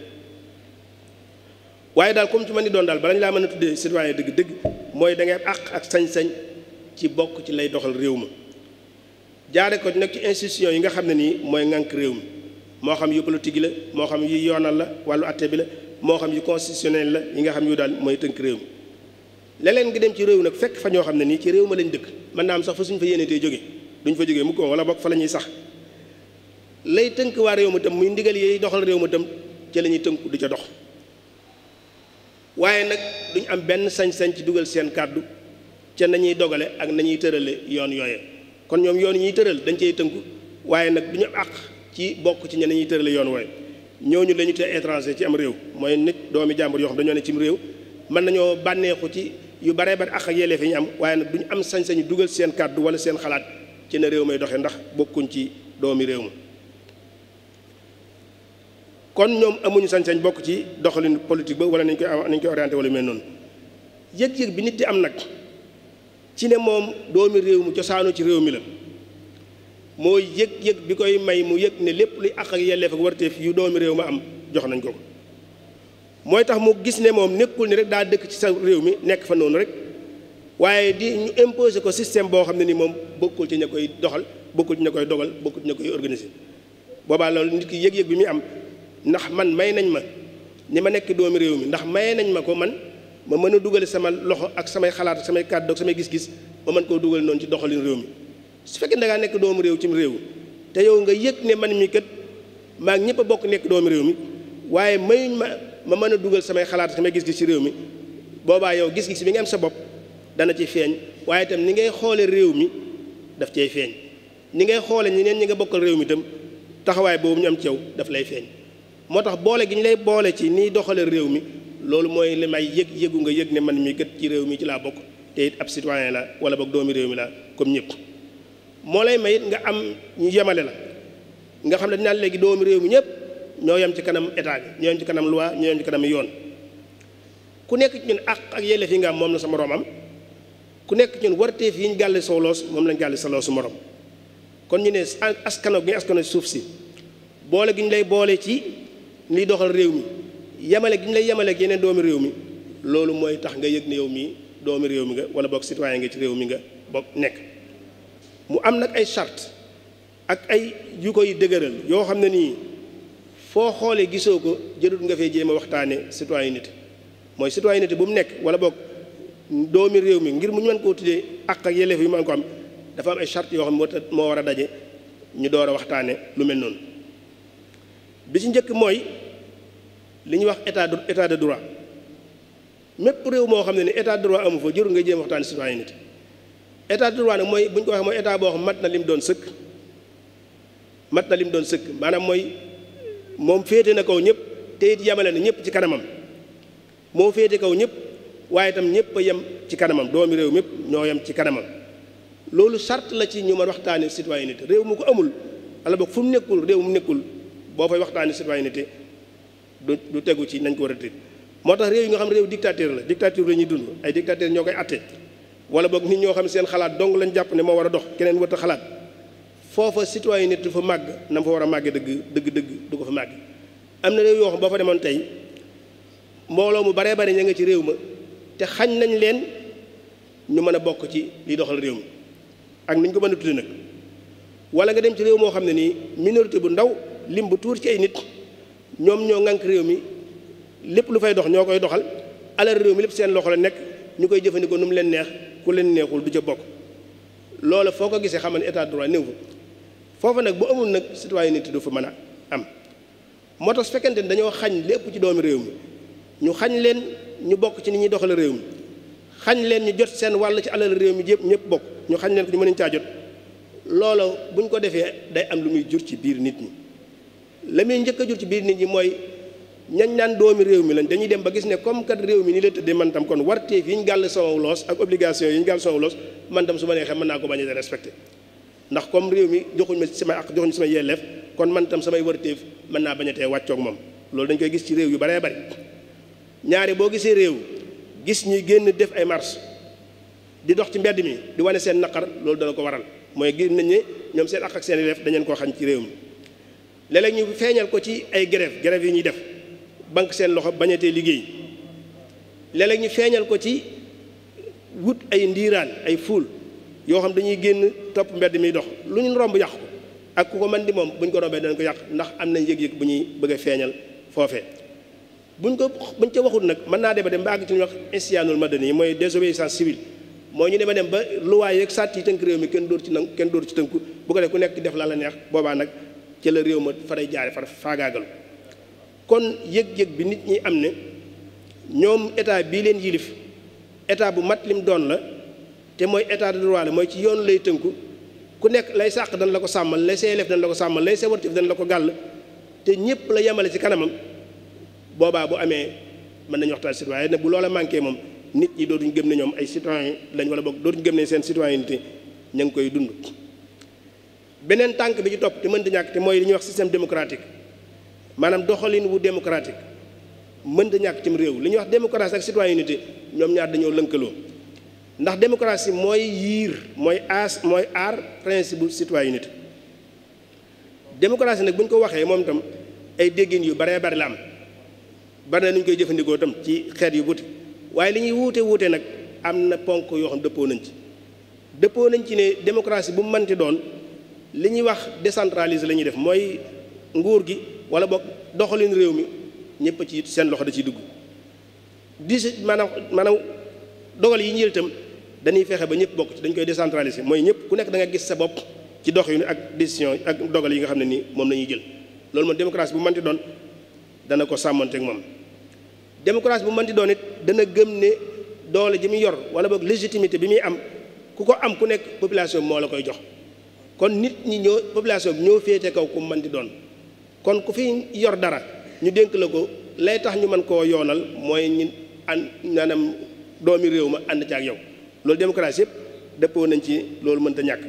waaye daal comme ci mën ni doon daal bala ñu laa mën a tuddee citoyen dëgg dëgg mooy da ngay àq ak sañ-sañ ci bokk ci lay doxal réew ma jaare ko nag ci institution yi nga xam ne nii mooy ŋànk réew mi moo xam yu politique la moo xam yu yoonal la wàllu atte bi la moo xam yu constitutionnel la yi nga xam yu daal mooy tënk réew mi leneen nga dem ci réew nag fekk fa ñoo xam ne nii ci réew ma lañ dëkk man naa am sax fa suñ fa yéenetee jóge duñ fa jógee mu ko wala bokk fa la ñuy sax lay tënk waa réew ma tam muy ndigal yi doxal réew ma tam ca la ñuy tënku di ca dox waaye nag duñ am benn sañ-sañ dugal seen kàddu ca nañuy dogale ak nañuy tërale yoon yooye kon ñoom yoon ñuy tëral dañ cay tënku waaye nag àq ci bokk ci ña ñuy tërale yoon wooye ñooñu ñu lañu te étranger ci am réew mooy nit doomi jàmbur yoo xam dañoo ne cim réew mën nañoo bànneexu ci yu baree bari ak ak yelleef yi am waaye nag du ñu am sañ-sañu dugal seen kàddu wala seen xalaat ci ne réew may doxee ndax bokkuñ ci doomi réew ma kon ñoom amuñu sañ-sañ bokk ci doxalin politique ba wala nañ koy nañ koy orienté wala mel noonu yëg-yëg bi nit di am nag ci ne moom doomi réew mi cosaanu ci réew mi la moo yëg-yëg bi koy may mu yëg ne lépp luy ak ak yelleef ak warteef yu doomi réew ma am jox nañ ko mooy tax mu gis ne moom nekkul ni rek daa dëkk ci sa réew mi nekk fa noonu rek waaye di ñu imposer ko système boo xam ne nii moom bokkul ci ña koy doxal bokkul ci ña koy dogal bokkul ci ña koy organiser boobaa loolu nit ki yëg-yëg bi muy am ndax man may nañ ma ni ma nekk doomi réew mi ndax may nañ ma ko man ma mën a dugale sama loxo ak samay xalaat ak samay kàddu ak samay gis-gis ma mën koo dugale noonu ci doxalin réew mi su fekkee da nekk doomu réew ci réew te yow nga yëg ne man mi kat maa ngi bokk nekk doomu réew mi waaye mayuñ ma ba mën a dugal samay xalaat samay gis-gis ci réew mi boobaa yow gis-gis bi nga am sa bopp dana ci feeñ waaye itam ni ngay xoole réew mi daf cay feeñ ni ngay xoole neen ñi nga bokkal réew mi itam taxawaay boobu ñu am ci yow daf lay feeñ moo tax boole gi ñu lay boole ci ni doxalee réew mi loolu mooy la may yëg yëgu nga yëg ne man mii kat ci réew mi ci laa bokk te it ab citoyen la wala boog doomi réew mi la comme ñëpp moo lay may nga am ñu yemale la nga xam ne dinaa léegi doomi réew mi ñëpp ñoo yem ci kanam état ñoo yem ci kanam loi ñoo yem ci kanam yoon ku nekk ci ñun àq ak yelleef yi nga am moom na sa moroom am ku nekk ci ñun warteef yi ñu gàll sow moom lañ gàll sa loosu morom kon ñu ne askano gi ñu askano suuf si boole gi lay boole ci liy doxal réew mi yemale gi lay yemale ak doomi réew mi loolu mooy tax yëg ne yow doomi réew mi nga wala bokk citoyen nga ci réew mi nga bokk nekk mu am nag ay charte ak ay yu koy dëgëral yoo xam ne nii foo xoolee gisoo ko jërul nga fee jéem a waxtaane citoyenneté mooy citoyenneté bu mu nekk wala boog doomi réew mi ngir mu ñu mën koo tuddee ak ak yelleef yi mën ko am dafa am ay charte yoo xam moo war a daje ñu door a waxtaane lu mel noonu bi ci njëkk mooy li ñuy wax état de état de droit mépp réew moo xam ne ne état de droit amu fa jërul nga jéem a waxtaane citoyenneté état de droit nag mooy bu ñu ko waxee mooy état boo xam mat na lim doon sëkk mat na lim doon sëkk maanaam mooy moom féete na kaw ñëpp te it yemale na ñëpp ci kanamam moo féete kow ñëpp waaye tam ñëpp a yem ci kanamam doomi réew mépp ñoo yem ci kanamam loolu sart la ci ñu mën waxtaane citoyenneté réew mu ko amul ala boog fu mu nekkul réew mu nekkul boo fay waxtaane citoyenneté du du tegu ci nañ ko war a tëj moo tax réew yi nga xam réew dictateur la dictature la ñuy dund ay dictateur ñoo koy atte wala boog nit ñoo xam seen xalaat dong lañ jàpp ne moo war a dox keneen wërta xalaat foofa citoyenneté du fa màgg na fa war a màggee dëgg dëgg dëgg du ko fa màgg am na réew yoo xam boo fa demoon tey mbooloo mu baree bari ña nga ci réew ma te xañ nañ leen ñu mën a bokk ci li doxal réew mi ak ni ñu ko mën a tudde nag wala nga dem ci réew moo xam ne nii minorité bu ndaw lim bu tuur ci ay nit ñoom ñoo ŋànk réew mi lépp lu fay dox ñoo koy doxal alal réew mi lépp seen loxo la nekk ñu koy jëfandikoo nu mu leen neex ku leen neexul du ca bokk loola foo ko gisee xam ne état droit néew fa foofa nag boo amul nag citoyenneté du fa man a am moo tax su fekkente ni dañoo xañ lépp ci doomi réew mi ñu xañ leen ñu bokk ci ni ñuy doxale réew mi xañ leen ñu jot seen wàll ci alal réew mi yëpp ñëpp bokk ñu xañ leen ko ñu mën caa jot loola buñ ko defee day am lu muy jur ci biir nit ñi la muy njëkk a jur ci biir nit ñi mooy ñañ naan doomi réew mi lañ dañuy dem ba gis ne comme kat réew mi ni la tëddee man tam kon warteef yi ñu gàll sama loos ak obligation yi ñu gàll sama loos man tam su ma neexee naa ko bañ a respecté ndax comme réew mi joxuñ ma sama akk joxuñ sama yelleef kon man itam samay wartéef mën naa bañ a tee wàccoog moom loolu dañ koy gis ci réew yu bare bari ñaari boo gisee réew gis ñuy génn def ay marche di dox ci mbedd mi di wane seen naqar loolu dana ko waral mooy gis nañ ne ñoom seen ak ak seen yelleef dañeen koo xam ci réew mi léeg-léeg feeñal ko ci ay grève grève yi ñuy def banque seen loxo bañatee liggéey léeg-léeg ñu feeñal ko ci wut ay ndiiraan ay fuul yoo xam dañuy génn topp mbedd mi dox lu ñu romb yàq ak ku ko man di moom bu ñu ko rombee dañ ko yàq ndax am nañ yëg-yëg bu ñuy bëgg a feeñal foofee buñ ko buñ ca waxul nag mën naa dem ba dem ba àgg ci ñu wax isyaanul madani yi mooy désobéissance civile mooy ñu dem a dem ba luwaay yeeg sàtt yi tënk réew mi kenn dóor ci nangu kenn dóor ci tënku bu ko def ku nekk def la la neex boobaa nag ci la réew ma faray jaare far faagaagalu kon yëg-yëg bi nit ñi am ne ñoom état bii leen yilif état bu mat lim doon la te mooy état de droit la mooy ci yoon lay tënku ku nekk lay sàq dañ la ko sàmmal lay say lef dañ la ko sàmmal lay sa la ko gàll te ñëpp la yemale ci kanamam boobaa bu amee mën nañu waxtaan si waaye nag bu loola manqué moom nit ñi dootuñu gëm ne ñoom ay citoyen lañ wala bokk dootuñu gëm ne seen citoyenneté ña ngi koy dund beneen tànk bi ci topp te mën di ñàkk te mooy li ñuy wax système démocratique maanaam doxalin wu démocratique mën di ñàkk cim réew li ñuy wax démocratie ak citoyenneté ñoom ñaar dañoo lënkaloo ndax démocratie mooy yiir mooy aas mooy aar principe bu citoyenneté démocratie nag bu ñu ko waxee moom tam ay déggin yu baree bari la am bari na nu ñu koy jëfandikoo itam ci xeet yu buti waaye li ñuy wuute wuute nag am na ponk yoo xam dëppoo nañ ci dëppoo nañ ci ne démocratie bu mu mënti doon li ñuy wax décentraliser la ñuy def mooy nguur gi wala bokk doxalin réew mi ñëpp ci seen loxo da ciy dugg di mana mana maanaam dogal yi ñu jël dañuy fexe ba ñëpp bokk ci dañ koy décentraliser mooy ñëpp ku nekk da gis sa bopp ci dox yu ne ak décision ak dogal yi nga xam ne nii moom la jël loolu moom démocratie bu mënti doon dana ko sàmmanteeg moom démocratie bu mënti doon it dana gëm ne doole ji muy yor wala boog légitimité bi muy am ku ko am ku nekk population bi moo la koy jox kon nit ñi ñoo population bi ñoo féete kaw ku mënti doon kon ku fi yor dara ñu dénk la ko lay tax ñu mën koo yoonal mooy ñu an maanaam doomi réew ma ànd ci ak yow loolu démocratie yëpp dëppoo nañ ci loolu mënta ñàkk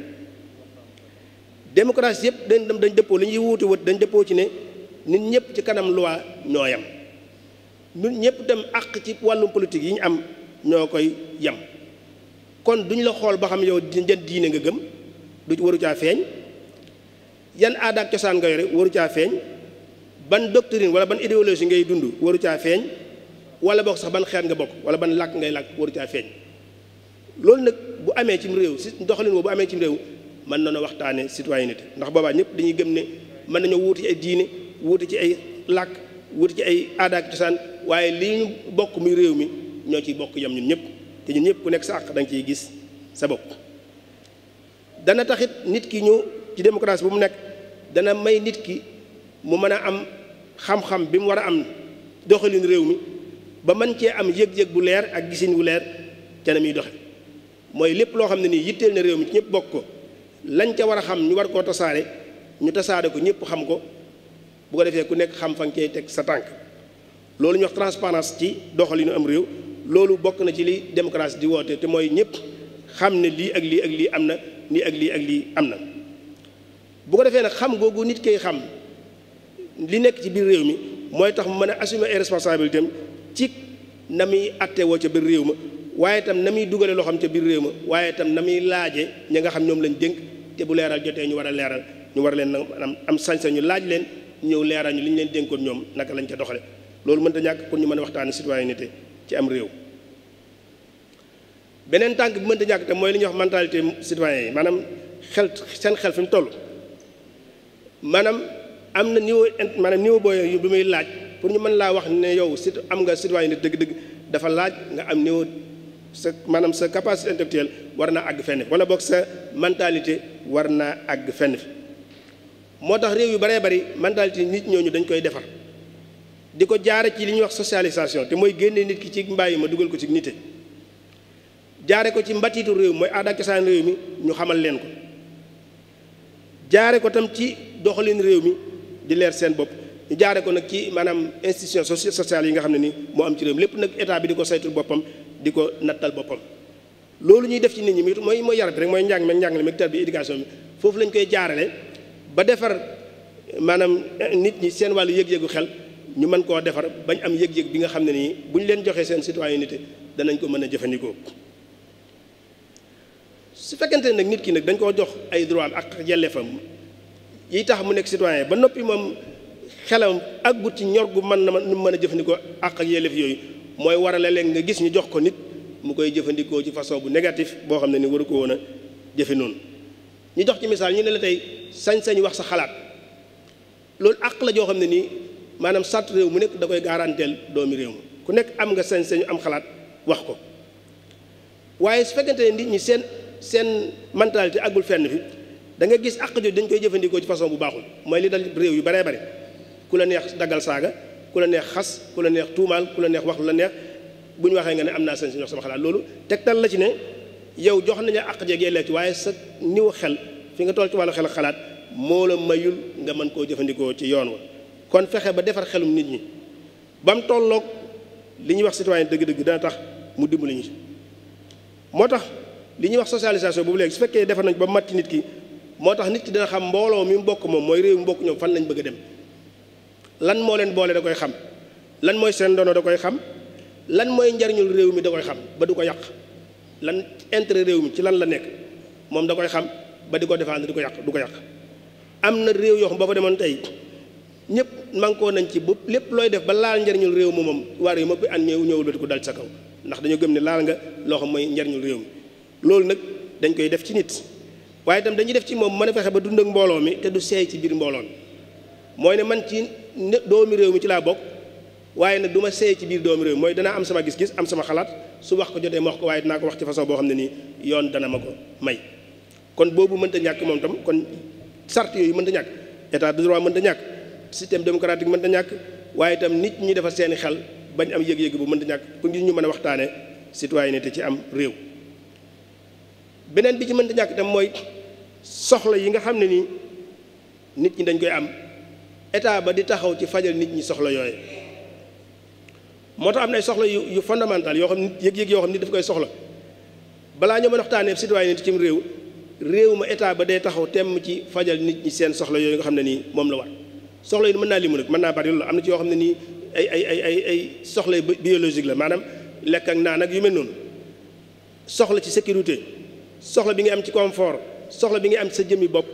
démocratie yëpp dañ dem dañ dëppoo li ñuy wuute wut dañ dëppoo ci ne nit ñëpp ci kanam loi ñoo yam nit ñëpp dem àq ci wàllum politique yi ñu am ñoo koy yem kon duñ la xool ba xam yow jën diine nga gëm du waru caa feeñ yan aada cosaan nga yore waru caa feeñ ban doctrine wala ban idéologie ngay dund waru caa feeñ wala bokk sax ban xeet nga bokk wala ban làkk ngay làkk waru caa feeñ loolu nag bu amee cim réew si doxalin woo bu amee cim réew mën na noo waxtaane citoyenneté ndax boobaa ñëpp dañuy gëm ne mën nañoo wuute ci ay diine wuute ci ay làkk wuute ci ay aada ak cosaan waaye lii ñu bokk muy réew mi ñoo ciy bokk yam ñun ñëpp te ñun ñëpp ku nekk sa àq da ciy gis sa bokk dana taxit nit ki ñu ci démocratie bu mu nekk dana may nit ki mu mën a am xam-xam bi mu war a am doxalin réew mi ba mën cee am yëg-yëg bu leer ak gisin wu leer ca muy doxe mooy lépp loo xam ne nii yitteel na réew mi ñëpp bokk ko lañ ca war a xam ñu war koo tasaare ñu tasaare ko ñëpp xam ko bu ko defee ku nekk xam fa nga koy teg sa tànk loolu ñu wax transparence ci doxalinu am réew loolu bokk na ci li démocratie di woote te mooy ñëpp xam ne lii ak lii ak lii am na lii ak lii ak lii am na bu ko defee nag xam googu nit koy xam li nekk ci biir réew mi mooy tax mu mën a assumer ay responsabilités ci na muy àtte woo ca biir réew ma waaye itam na muy dugale loo xam ca biir réew ma waaye itam na muy laaje ña nga xam ñoom lañ dénk te bu leeral jotee ñu war a leeral ñu war leen am am sañ-sañ ñu laaj leen ñëw leeral ñu leen dénkoon ñoom naka lañ ca doxale loolu mënta ñàkk pour ñu mën a waxtaane citoyenneté ci am réew beneen tànk bi mënta ñàkk te mooy li ñuy wax mentalité citoyen yi maanaam xel seen xel fi mu toll maanaam am na niveau maanaam niveau booy bi muy laaj pour ñu mën laa wax ne yow sit am nga citoyenneté dëgg-dëgg dafa laaj nga am niveau sa maanaam sa capacité intellectuelle war naa àgg fenn wala boog sa mentalité war naa àgg fenn fi moo tax réew yu baree bari mentalité nit ñooñu dañ koy defar di ko jaare ci li ñuy wax socialisation te mooy génne nit ki ci mbaay ma dugal ko ci nite jaare ko ci mbatiitu réew mooy aada cosaan réew mi ñu xamal leen ko jaare ko tam ci doxalin réew mi di leer seen bopp ñu jaare ko nag ci maanaam institution sociale yi nga xam ne ni moo am ci réew mi lépp nag état bi di ko saytul boppam di ko nattal boppam loolu ñuy def ci nit ñi mooy mooy yar bi rek mooy njàng meeg njàngale meeg tarbiya bi éducation foofu lañ koy jaarale ba defar maanaam eh, nit ñi seen wàllu yëg-yëgu xel ñu mën koo defar bañ am yëg-yëg bi nga xam ne nii bu ñu leen joxee seen citoyenneté danañ ko mën a jëfandikoo su fekkente ne nag nit ki nag dañ koo jox ay droit ak yelleefam yi tax mu nekk citoyen ba noppi moom xelam ak ci ñor gu mën na mën a jëfandikoo ak ak yelleef yooyu mooy warale leen nga gis ñu jox ko nit mu koy jëfandikoo ci façon bu négatif boo xam ne ni waru ko woona a jëfe noonu ñu jox ci misaal ñu ne la tey sañ-sañ wax sa xalaat loolu àq la joo xam ne nii maanaam sart réew mu nekk da koy garanteel doomi réew mi ku nekk am nga sañ-sañu am xalaat wax ko waaye su fekkente ne nit ñi seen seen mentalité agul fenn bi danga gis àq jooju dañ koy jëfandikoo ci façon bu baaxul mooy li dal réew yu baree bare ku la neex daggal saaga ku la neex xas ku la neex tuumaal ku la neex wax lu la neex bu ñu waxee nga ne am naa sañ si wax sama xalaat loolu tegtal la ci ne yow jox nañu àq jeeg waaye sa niw xel fi nga toll ci wàllu xel ak xalaat moo la mayul nga mën koo jëfandikoo ci yoon wa kon fexe ba defar xelum nit ñi ba mu tolloog li ñuy wax citoyen dëgg-dëgg dana tax mu dimbali ñu moo tax li ñu wax socialisation boobu léegi su fekkee defar nañ ba matti nit ki moo tax nit ki dana xam mbooloo mi mbokk moom mooy réew mu bokk ñoom fan lañ bëgg a dem lan moo leen boole da koy xam lan mooy seen ndono da koy xam lan mooy njariñul réew mi da koy xam ba du ko yàq lan intérêt réew mi ci lan la nekk moom da koy xam ba di ko défendre di ko yàq du ko yàq am na réew yoo xam boo demoon tey ñëpp mànkoo nañ ci bu lépp looy def ba laal njariñul réew mi moom waar yi mopp an ñëw ñëwul dootu ko dal sa kaw ndax dañoo gëm ne laal nga loo xam mooy njariñul réew mi loolu nag dañ koy def ci nit waaye itam dañuy def ci moom mën a fexe ba dund ak mbooloo mi te du seey ci biir mbooloo mi mooy ne man ci doomi réew mi ci laa bokk waaye nag du ma seey ci biir doomi réew mooy danaa am sama gis-gis am sama xalaat su wax ko jotee ma ko waaye dinaa ko wax ci façon boo xam ne nii yoon dana ma ko may kon boobu mënta ñàkk moom tam kon sart yooyu mënta ñàkk état de droit mënta ñàkk système démocratique mënta ñàkk waaye itam nit ñi dafa seeni xel bañ am yëg-yëg bu mënta ñàkk pour ñu mën a waxtaane citoyenneté ci am réew bi ci mënta ñàkk itam mooy soxla yi nga xam ne nii nit ñi dañ koy am état ba di taxaw ci fajal nit ñi soxla yooyu moo tax am na ay soxla yu yu fondamental yoo xam ne yëg-yëg yoo xam ne daf koy soxla balaa ñu mën a cim réew réew ma état ba day taxaw temm ci fajal nit ñi seen soxla yooyu nga xam ne nii moom la war soxla yi mën naa limu nag mën naa bari loolu am na ci yoo xam ne nii ay ay ay ay ay soxla biologique la maanaam lekk ak naan ak yu mel noonu soxla ci sécurité soxla bi nga am ci confort soxla bi nga am ci sa jëmmi bopp.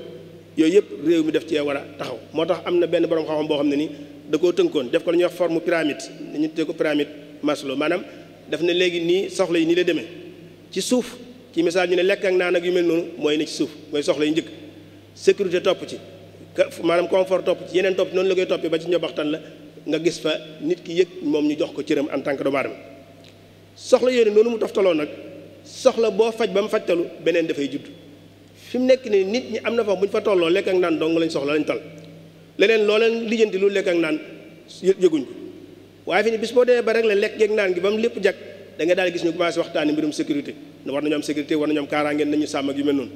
yooyu yëpp réew mi def cee war a taxaw moo tax am na benn borom xam-xam boo xam ne ni dakoo tënkoon def ko la ñuy wax form pyramide dañu tuddee ko pyramide Maslow maanaam daf na léegi nii soxla yi nii la demee ci suuf ci misaal ñu ne lekk ak naa nag yu mel noonu mooy ne ci suuf mooy soxla yi njëkk sécurité topp ci maanaam confort topp ci yeneen topp noonu la koy toppee ba ci njobaxtan la nga gis fa nit ki yëg moom ñu jox ko cëram en tant que doomu aadama soxla yooyu noonu mu toftaloon nag soxla boo faj ba mu fajtalu beneen dafay judd fi mu nekk nii nit ñi am na fa bu ñu fa tolloo lekk ak naan dong lañ soxla lañ tal leneen loo leen lijjanti lu lekk ak naan yëguñ ko waaye fi ni bis boo demee ba rek la lekk geeg naan gi ba mu lépp jag da nga daal gis ñu commencé waxtaani mbirum sécurité war nañu am sécurité war nañu am kaaraangeen nañu sàmm ak yu mel noonu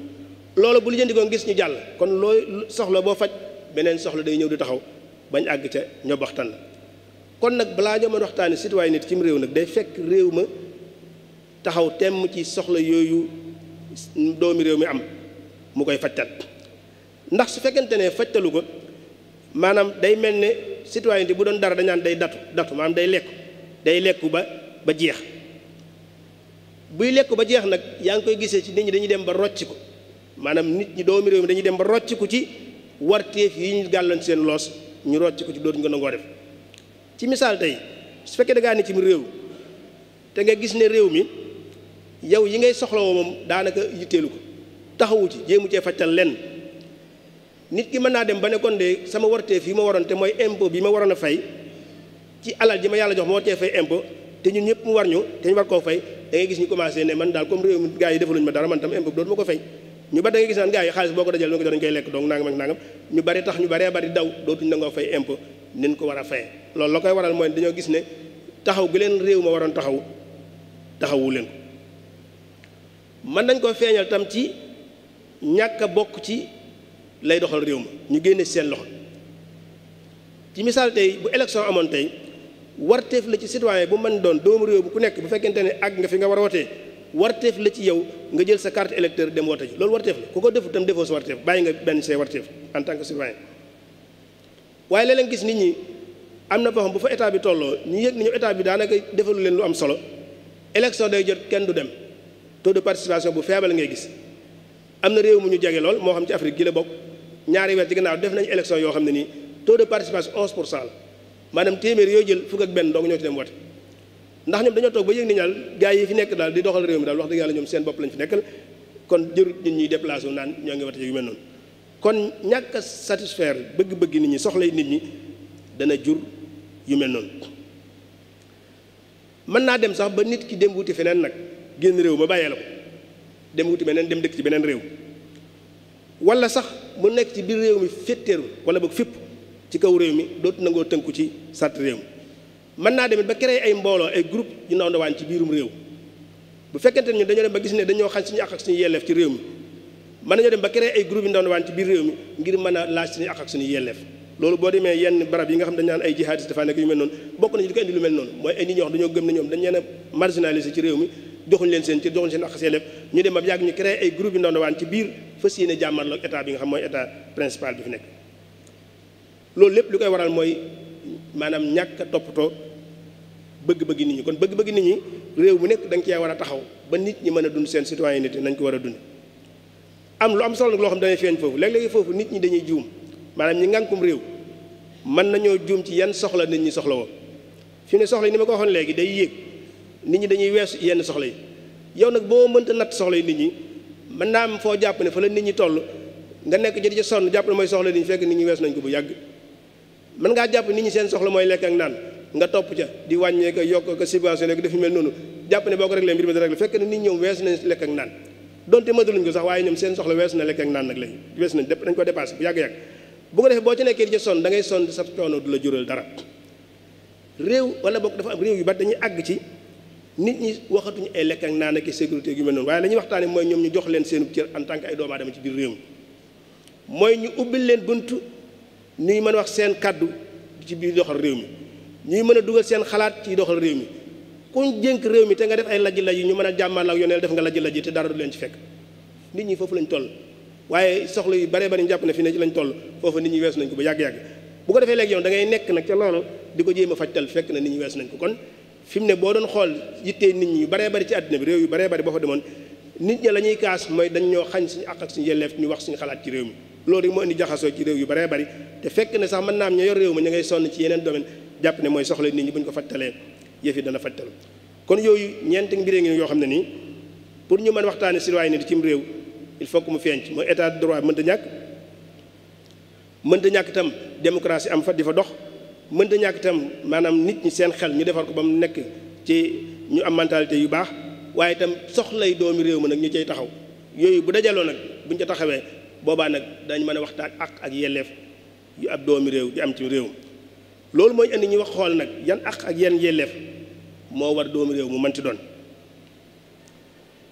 loolu bu lijjanti ko gis ñu jàll kon looy soxla boo faj beneen soxla day ñëw di taxaw bañ àgg ca ñob la kon nag balaa ñoo mën waxtaani citoyenneté ci réew nag day fekk réew ma taxaw temm ci soxla yooyu doomi réew mi am mu koy fajtat ndax su fekkente ne fajtalu ko maanaam day mel ne citoyenneté bu doon dara dañaan day datu datu maanaam day lekku day lekku ba ba jeex buy lekku ba jeex nag yaa ngi koy gisee ci nit ñi dañuy dem ba rocc ko maanaam nit ñi doomi réew mi dañuy dem ba rocc ci warteef yi ñu gàllan seen loos ñu rocc ko ci dootuñu ko nangoo def ci misaal tey su fekkee da ngaa ne ci réew te nga gis ne réew mi yow yi ngay soxlawoo moom daanaka yitteelu ko taxawu ci jéemu cee fajtal lenn nit ki mën naa dem ba ne kon de sama warteef fii ma waroon te mooy impôt bi ma waroon a fay ci alal ji ma yàlla jox moo war cee fay te ñun ñëpp mu war ñu koo fay da ñu commencé ne man daal comme réew mi yi defaluñu ma dara man tam impôt bi dootu ma ko fay ñu ba da ngay gis naan gars yi xaalis boo ko dajal ko dañ ñu bari tax ñu baree bari daw dootuñu nangoo fay impôt nin ko war a fay loolu la koy waral mooy dañoo gis ne taxaw gi leen réew ma waroon taxaw taxawu leen man nañ ko feeñal tam ci ñàkk bokk ci lay doxal réew ma ñu génne seen loxo ci misaal tey bu élection amoon tey warteef la ci citoyen bu man doon doomu réew bu ku nekk bu fekkente ne ak nga fi nga war a wotee warteef la ci yow nga jël sa carte électeur dem wote ji loolu warteef la ku ko defu tam defoo sa warteef bàyyi nga benn see warteef en tant que citoyen waaye léeg-léeg gis nit ñi am na foo xam bu fa état bi tolloo ñu yëg ni ñu état bi daanaka defalu leen lu am solo élection day jot kenn du dem taux de participation bu faible ngay gis am na réew mu ñu jege lool moo xam ci Afrique gi la bokk ñaari weer ci gannaaw def nañu élection yoo xam ne nii taux de participation 11 pour cent la maanaam téeméer yoo jël fukk ak benn dong ñoo ci dem wote ndax ñoom dañoo toog ba yëg ni gars yi fi nekk daal di doxal réew mi daal wax dëgg yàlla ñoom seen bopp lañ fi nit ñuy déplacé wu naan ñoo ngi wote yu mel noonu kon ñàkk a satisfaire bëgg-bëgg nit ñi soxla nit ñi dana jur yu mel noonu mën naa dem sax ba nit ki dem wuti feneen nag génn réew ma bàyyee la ko dem wuti beneen dem dëkk ci beneen réew wala sax mu nekk ci biir réew mi féttéeru wala boog fépp ci kaw réew mi dootu nangoo tënku ci sart réew mi mën naa ci biirum réew bu fekkente ne ñun dañoo dem ba gis ne dañoo ci réew mi mën nañoo dem ba créé ay groupe yu ndaw ndawaan ci biir réew mi ngir mën a laaj suñu àq ak suñu yelleef loolu boo demee yenn barab yi nga xam dañu naan ay jihadiste dafa nekk yu mel noonu bokk nañu di ko indi lu mel noonu mooy ay nit ñoo xam dañoo gëm ne ñoom dañu leen a marginalisé ci réew mi joxuñ leen seen cër joxuñ seen ak seen ñu dem ba yàgg ñu créé ay groupe yu ndondawaan ci biir fas yéene jàmmarloo ak état bi nga xam mooy état principal bi fi nekk loolu lépp lu koy waral mooy maanaam ñàkk a toppatoo bëgg-bëgg nit ñi kon bëgg-bëgg nit ñi réew bu nekk da nga war a taxaw ba nit ñi mën a dund seen citoyenneté nañ ko war a dund am lu am solo nag loo xam ne dañuy feeñ foofu léeg-léeg foofu nit ñi dañuy juum maanaam ñi ngànkum réew mën nañoo juum ci yan soxla nit soxla woo fi ne soxla yi ni ma ko waxoon léegi day yéeg nit ñi dañuy weesu yenn soxla yi yow nag boo mënta natt soxla yi nit ñi mën naa am foo jàpp ne fa la nit ñi toll nga nekk ci di ci sonn jàpp ne mooy soxla nit ñi fekk ñi weesu nañ ko bu yàgg mën ngaa jàpp nit ñi seen soxla mooy lekk ak naan nga topp ca di wàññee ko yokk ko subventionné ko def mel noonu jàpp ne boo ko réglé mbir mi da fekk ne nit ñoom weesu nañ lekk ak naan donte mataluñ ko sax waaye ñoom seen soxla wees na lekk ak naan nag léegi weesu nañ dañ ko dépassé bu yàgg-yàgg bu ko defee boo ci nekkee di ci sonn da ngay sonn sa coono du la jural dara réew wala bokk dafa am réew yu bari dañuy àgg ci nit ñi waxatuñu ay lekk ak naan ak sécurité yu mel noonu waaye la ñuy waxtaanee mooy ñoom ñu jox leen seen cër en tant que ay doomu ci biir réew mi mooy ñu ubbil leen bunt ñuy mën a wax seen kàddu ci biir doxal réew mi ñuy mën a dugal seen xalaat ci doxal réew mi kuñ jënk réew mi te nga def ay lajj-lajj yi ñu mën a jàmmal ak yoneel def nga lajj-lajj te dara du leen ci fekk nit ñi foofu lañ toll waaye soxla yu bare bari ñu jàpp ne fi ne ci lañ toll foofu nit ñi weesu nañ ko ba yàgg-yàgg bu ko defee léegi yow nekk nag ca di ko jéem a fekk na nit ñi weesu nañ ko kon fi mu ne boo doon xool yittee nit ñi yu baree bari ci àddina bi réew yu baree bari boo fa demoon nit ñi la ñuy kaas mooy dañ ñoo xañ suñu àq ak suñu yelleef ñu wax suñu xalaat ci réew mi loolu rek moo indi jaxasoo ci réew yu baree bari te fekk ne sax man naa am ña yor réew mi ña ngay sonn ci yeneen domaine jàpp ne mooy soxla nit ñi bu ñu ko fattalee yëf yi dana fattal kon yooyu ñeent mbirée ngi yoo xam ne nii pour ñu mën waxtaane citoyen ni di cim réew il faut que mu feeñ ci mooy état de droit mënta ñàkk mënta ñàkk itam démocratie am fa di fa dox mën ta ñàkk itam maanaam nit ñi seen xel ñu defar ko ba mu nekk ci ñu am mentalité yu baax waaye itam soxlay doomi réew ma nag ñu cay taxaw yooyu bu dajaloo nag buñ ca taxawee boobaa nag dañ mën a waxtaan ak ak yelleef yu ab doomi réew di am ci réew loolu mooy indi ñuy wax xool nag yan ak ak yan yelleef moo war doomi réew mu mënti doon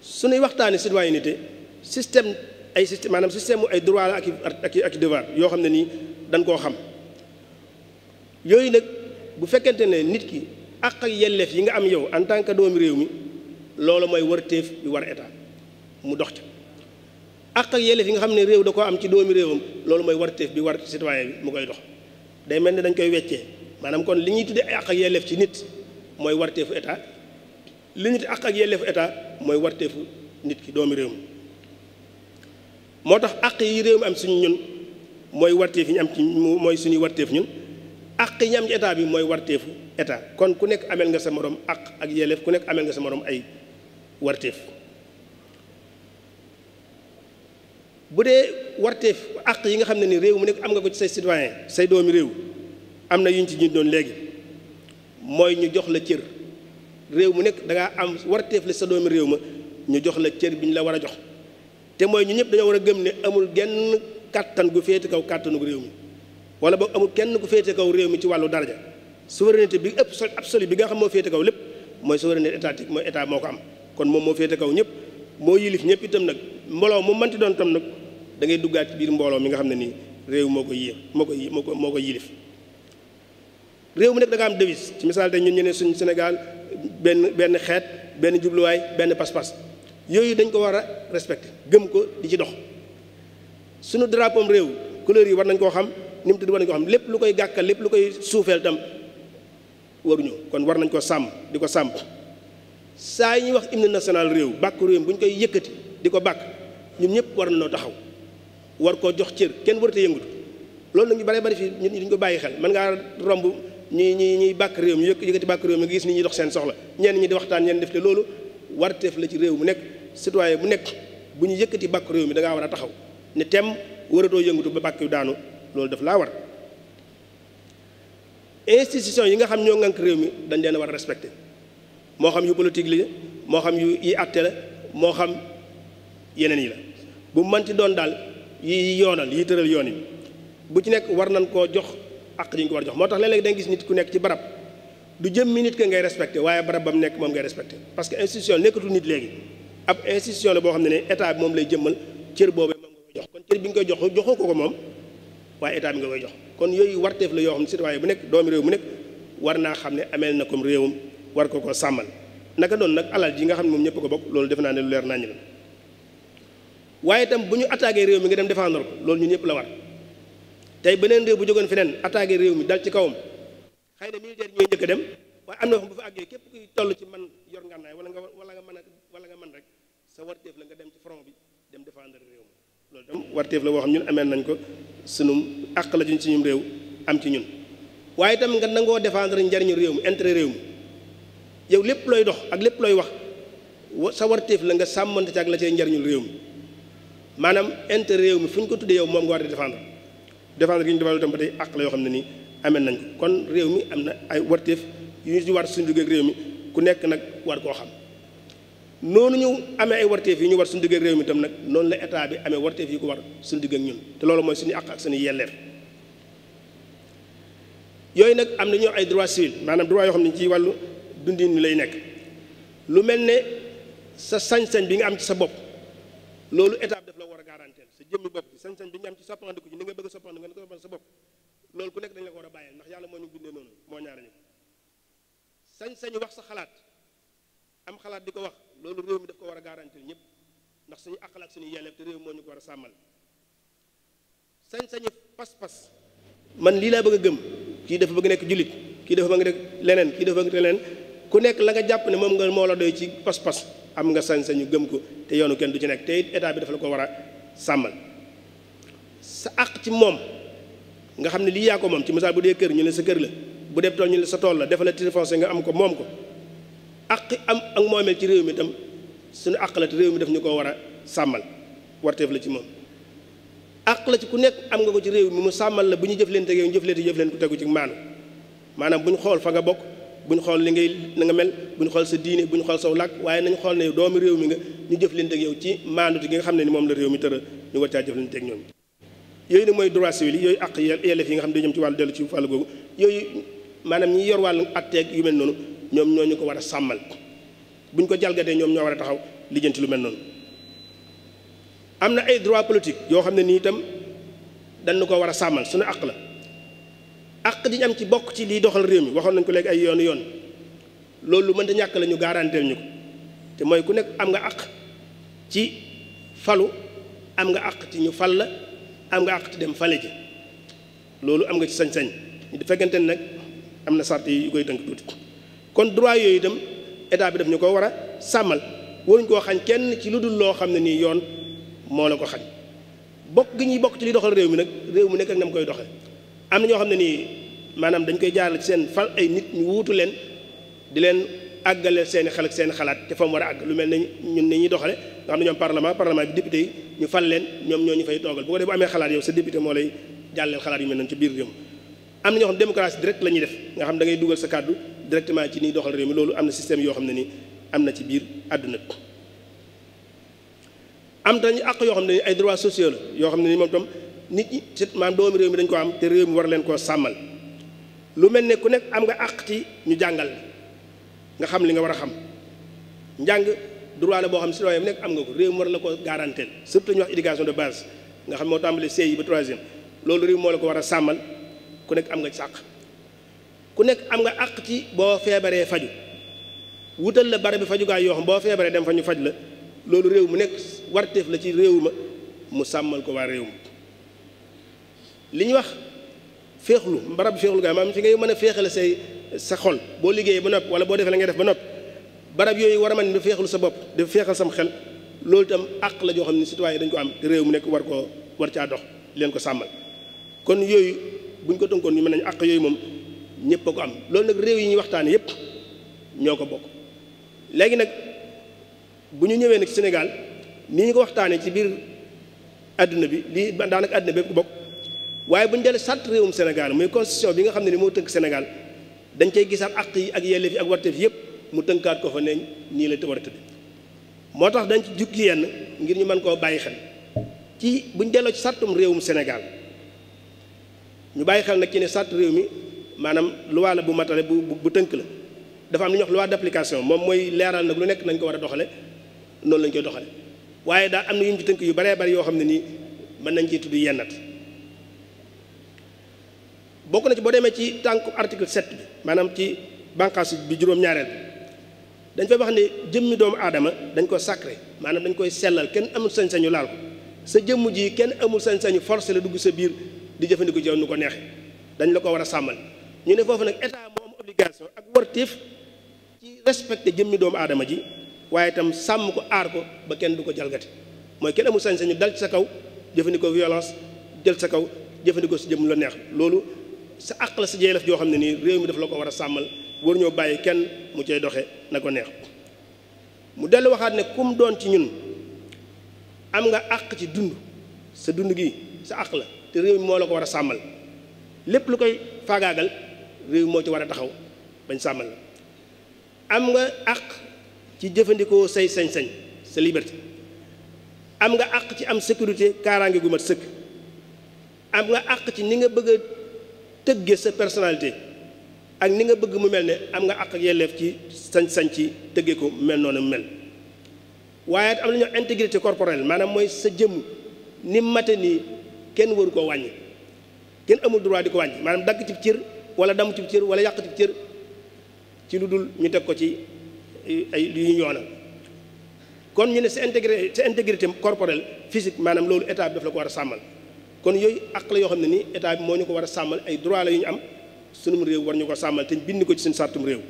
suñuy waxtaanee citoyenneté système ay système maanaam système mu ay droit la ak i ak i yoo xam ne nii dañ koo xam yooyu nag bu fekkente ne nit ki àq ak yelleef yi nga am yow en tant que doomi réew mi loolu mooy warteef bi war état mu dox ca àq ak yelleef yi nga xam ne réew da koo am ci doomi réewam loolu mooy warteef bi war citoyen bi mu koy dox day mel ne dañ koy weccee maanaam kon li ñuy tuddee ay àq ak yelleef ci nit mooy warteefu état li ñuy tuddee àq ak yelleefu état mooy warteefu nit ki doomi réew mi moo tax àq yi réew mi am suñu ñun mooy warteef yi ñu am ci mooy suñuy warteef ñun àq yi ñu am état bi mooy warteefu état kon ku nekk ameel nga sa morom àq ak yelleef ku nekk amel nga sa morom ay warteef bu dee warteef àq yi nga xam ne ni réew mu nekk am nga ko ci say citoyen say doomi réew am na yuñ ci ñu doon léegi mooy ñu jox la cër réew mu nekk dangaa ngaa am warteef la sa doomi réew ma ñu jox la cër bi ñu la war a jox te mooy ñu ñëpp dañoo war a gëm ne amul genn kàttan gu féete kaw kàttanu réew mi wala boog amul kenn ku féete kaw réew mi ci wàllu daraja souveraineté bi ëpp sol absolu bi nga xam moo féete kaw lépp mooy souveraineté étatique mooy état moo ko am kon moom moo féete kaw ñëpp moo yilif ñëpp itam nag mbooloo mu mënti doon tam nag da ngay duggaat ci biir mbooloo mi nga xam ne nii réew moo ko yéex moo ko moo ko moo ko yilif réew mu nekk da am devise ci misaal tey ñun ñu ne suñu Sénégal benn benn xeet benn jubluwaay benn pas-pas yooyu dañ ko war a respecté gëm ko di ci dox réew couleur yi war nañ koo xam ni mu tëdd war nañu ko xam lépp lu koy gàkkal lépp lu koy suufeel tam waruñu kon war nañ koo sàmm di ko sàmm saa yi ñuy wax hymne national réew bàkk réew bu ñu koy yëkkati di ko bàkk ñun ñëpp war nañoo taxaw war koo jox cër kenn warut yëngatu loolu nag ñu bare ñun duñ ko bàyyi xel mën ngaa romb ñuy ñuy ñuy bàkk réew mi yëkkati bàkk réew mi nga gis ni ñuy dox seen soxla ñenn ñi di waxtaan ñenn def te loolu warteef la ci réew mu nekk citoyen bu nekk bu ñu yëkkati bàkk réew mi dangaa war a taxaw ne tem waratoo yëngatu ba bàkk yu daanu loolu daf laa war institution yi nga xam ñoo ŋànk réew mi dañ leen war a respecté moo xam yu politique li moo xam yu yi àtte la moo xam yeneen yi la bu manti doon daal yi yoonal yi tëral yoon yi bu ci nekk war nañ koo jox ak yi ñu ko war jox moo tax léeg-léeg danga gis nit ku nekk ci barab du jëm mi nit ka ngay respecté waaye barab ba mu nekk moom ngay respecté parce que institution nekkatul nit léegi ab institution la boo xam ne ne état moom lay jëmmal cër boobu moom jox kon cër bi nga koy jox joxoo ko ko moom waaye état bi nga koy jox kon yooyu warteef la yoo xam ne citoyen bu nekk doom réew mu nekk war naa xam ne amee na comme réewam war ko ko sàmmal naka noonu nag alal ji nga xam moom ñëpp ko bokk loolu defe naa ne lu la waaye itam bu ñu attaqué réew mi nga dem défendre ko loolu ñun ñëpp la war tey beneen réew bu jógoon feneen attaqué réew mi dal ci kawam xëy na militaire ñooy njëkk a dem waaye am na fa bu fa àggee képp toll ci man yor ngànnaay wala nga wala nga mën a wala nga mën rek sa warteef la nga dem ci front bi dem défendre réew mi loolu tam la boo xam ñun ameel nañ ko sunum àq la juñ ci ñum réew am ci ñun waaye itam nga nangoo défendre njariñu réew mi intere réew mi yow lépp looy dox ak lépp looy wax sa warteef la nga sàmmante ci ak la cay njariñu réew mi maanaam intere réew mi fu ñu ko tuddee yow moom nga war di défendre défendre gi ñu défendre itam ba tey àq la yoo xam ne nii amee nañ kon réew mi am na ay warteef yu ñu war suñu liggéey ak réew mi ku nekk nag war koo xam noonu ñu amee ay warteef yi ñu war suñu digg réew mi tam nag noonu la état bi amee warteef yi ko war suñu digg ak ñun te loolu mooy suñu àq ak suñu yelleef yooyu nag am na ñoo ay droit civil maanaam droit yoo xam ne ci wàllu dundin lay nekk lu mel ne sa sañ bi nga am ci sa bopp loolu état bi la war a garantir sa jëmmi bopp bi sañ-sañ bi am ci soppandiku ci ni nga bëgg a soppandiku nga ko sa bopp loolu ku nekk dañ la ko a bàyyee ndax yàlla moo ñu noonu moo ñaare sañ wax sa xalaat am xalaat di ko wax loolu réew mi daf ko war a garantir ñëpp ndax suñu àqal ak suñu yelleef te moo ñu ko war a sàmmal sañ-sañi pas-pas man lii laa bëgg gëm kii dafa bëgg nekk jullit kii dafa bëgg nekk leneen kii dafa bëgg leneen ku nekk la nga jàpp ne moom nga moo la doy ci pas-pas am nga sañ-sañu gëm ko te yoonu kenn du ci nekk te état bi dafa la ko war a sàmmal sa àq ci moom nga xam ne lii yaa ko moom ci misaal bu dee kër ñu ne sa kër la bu dee tool ñu ne sa tool la defal la titre foncier nga am ko moom ko aq am ak moo moomeel ci réew mi tam suñu àq la te réew mi def ñu ko war a sàmmal warteef la ci moom àq la ci ku nekk am nga ko ci réew mi mu sàmmal la bu ñu jëflante ak yow ñu jëflante jëf leen ku tegu ci maanu maanaam bu ñu xool fa nga bokk bu ñu xool li ngay na nga mel bu ñu xool sa diine bu ñu xool saw làkk waaye nañu xool ne yow doomi réew mi nga ñu jëflante ak yow ci maandu gi nga xam ne ni moom la réew mi tëra ñu war caa jëflante ak ñoom yooyu nag mooy droit civil yooyu àq yelleef yi nga xam ne ñoom ci wàllu dellu ci wàllu googu yooyu maanaam ñi yor wàllu atteeg yu mel noonu ñoom ñoo ñu ko war a sàmmal buñ ko jalgatee ñoom ñoo war a taxaw lijjanti lu mel noonu am na ay droit politique yoo xam ne nii itam dañu ko war a sàmmal suñu àq la àq diñu am ci bokk ci liy doxal réew mi waxoon nañ ko léegi ay yoonu yoon loolu mënta ñàkk la ñu garanteel ñu ko te mooy ku nekk am nga àq ci falu am nga àq ci ñu fal la am nga àq ci dem fale ji loolu am nga ci sañ-sañ ñu di fekkente nag am na sart yi yu koy tënk tuuti kon droit yooyu itam état bi daf ñu ko war a sàmmal waruñ koo xañ kenn ci lu dul loo xam ne nii yoon moo la ko xañ bokk gi ñuy bokk ci li doxal réew mi nag réew mi nekk ak na koy doxee am na ñoo xam ne nii maanaam dañ koy jaaral ci seen fal ay nit ñu wuutu leen di leen àggale seen i xel ak seen xalaat te fa mu war a àgg ñun ni ñuy doxale nga xam ne ñoom parlement ñu fal leen ñoom ñoo ñu fay toogal bu ko def amee xalaat yow sa député moo lay jàlleel yu mel noonu ci biir réew am na ñoo xam démocratie direct la ñuy def nga xam da ngay dugal sa kàddu directement ci ni doxal réew mi loolu am na système yoo xam ne ni am na ci biir àdduna bi am dañu àq yoo xam ne ni ay droits sociaux la yoo ne ni moom tam nit ñi ci maanaam doomi réew mi dañ ko am te réew mi war a leen koo sàmmal lu mel ne ku nekk am nga àq ci ñu jàngal nga xam li nga war a xam njàng droit la boo xam citoyen bu nekk am nga ko réew mi war la ko garantel surtout ñu wax éducation de base nga xam moo tàmbale CI ba troisième loolu réew moo la ko war a sàmmal ku nekk am nga sàq ku nekk am nga àq ci boo feebaree faju wutal la bare bi fajukaay yoo xam boo feebaree dem fa ñu faj la loolu réew mu nekk war warteef la ci réew ma mu sàmmal ko waa réew li ñu wax féexlu barab féexlu gaay maanaam fi ngay mën a féexale say sa xol boo liggéeyee ba noppi wala boo defee ngay def ba noppi barab yooyu war a mën di sa bopp di féexal sam xel loolu itam àq la joo xam ne citoyen dañ ko am te réew mu nekk war koo war caa dox leen ko sàmmal kon yooyu buñ ko tënkoon ñu mën nañu àq yooyu moom ñëpp a ko am loolu nag réew yi ñuy waxtaan yëpp ñoo ko bokk léegi nag bu ñu ñëwee nag Sénégal nii ñu ko waxtaanee ci biir àdduna bi lii daanaka àdduna bi ko bokk waaye bu ñu delee sàtt réewum Sénégal muy constitution nga xam ne ni moo tënk Sénégal dañ cay gisaat àq yi ak yelleef ak warteef yëpp mu tënkaat ko fa ne nii la war a moo tax dañ ci jukki yenn ngir ñu man koo bàyyi xel ci bu ñu delloo ci sàttum réewum Sénégal ñu bàyyi xel nag ci ne sàtt réew mi maanaam loi la bu matale bu bu tënk la dafa am lu ñuy wax loi d'application moom mooy leeral nag lu nekk nañ ko war a doxale noonu lañ koy doxale waaye daal am na yu ñu tënk yu baree bari yoo xam ne nii mën nañ ciy tudd yennat bokk na ci boo demee ci tànk article set bi maanaam ci bànqaas bi juróom-ñaareel dañ fay wax ne jëmmi doomu aadama dañ ko sacré maanaam dañ koy sellal kenn amul sañ-sañu laal ko sa jëmm jii kenn amul sañ-sañu forcé la dugg sa biir di jëfandikoo ci yow ko neexee dañ la ko war a sàmmal ñu ne foofu nag état moo am obligation ak wartiif ci respecté jëmmi doomu aadama ji waaye itam sàmm ko aar ko ba kenn du ko jalgati mooy kenn amul sañ-sañu dal ci sa kaw jëfandikoo violence jël sa kaw jëfandikoo si jëmm la neex loolu sa àq la sa jeelef joo xam ne nii réew mi daf la ko war a sàmmal war ñoo bàyyi kenn mu cay doxe na ko neex mu dellu waxaat ne kum doon ci ñun am nga àq ci dund sa dund gi sa àq la te réew mi moo la ko war a sàmmal lépp lu koy faagaagal réew moo ci war a taxaw bañ sàmmal la am nga àq ci jëfandikoo say sañ sa liberté am nga àq ci am sécurité kaaraange gu mat sëkk am nga àq ci ni nga bëgg a tëgge sa personalité ak ni nga bëgg mu mel ne am nga àq ak yelleef ci sañ-sañ ci tëgge ko mel noonu mel waaye am na ñoo intégrité corporelle maanaam mooy sa jëmm ni mate nii kenn waru koo wàññi kenn amul droit di ko wàññi maanaam dagg ci cër wala damm ci cër wala yàq ci cër ci lu dul ñu teg ko ci eh, ay lu ñu yoonal kon ñu ne sa intégré sa intégrité corporelle physique maanaam loolu état bi daf la ko war a sàmmal kon yooyu àq la yoo xam ne nii état bi moo ñu ko war a sàmmal ay droit la yu ñu am sunum réew war ñu ko sàmmal te bind ko ci suñu sartum réew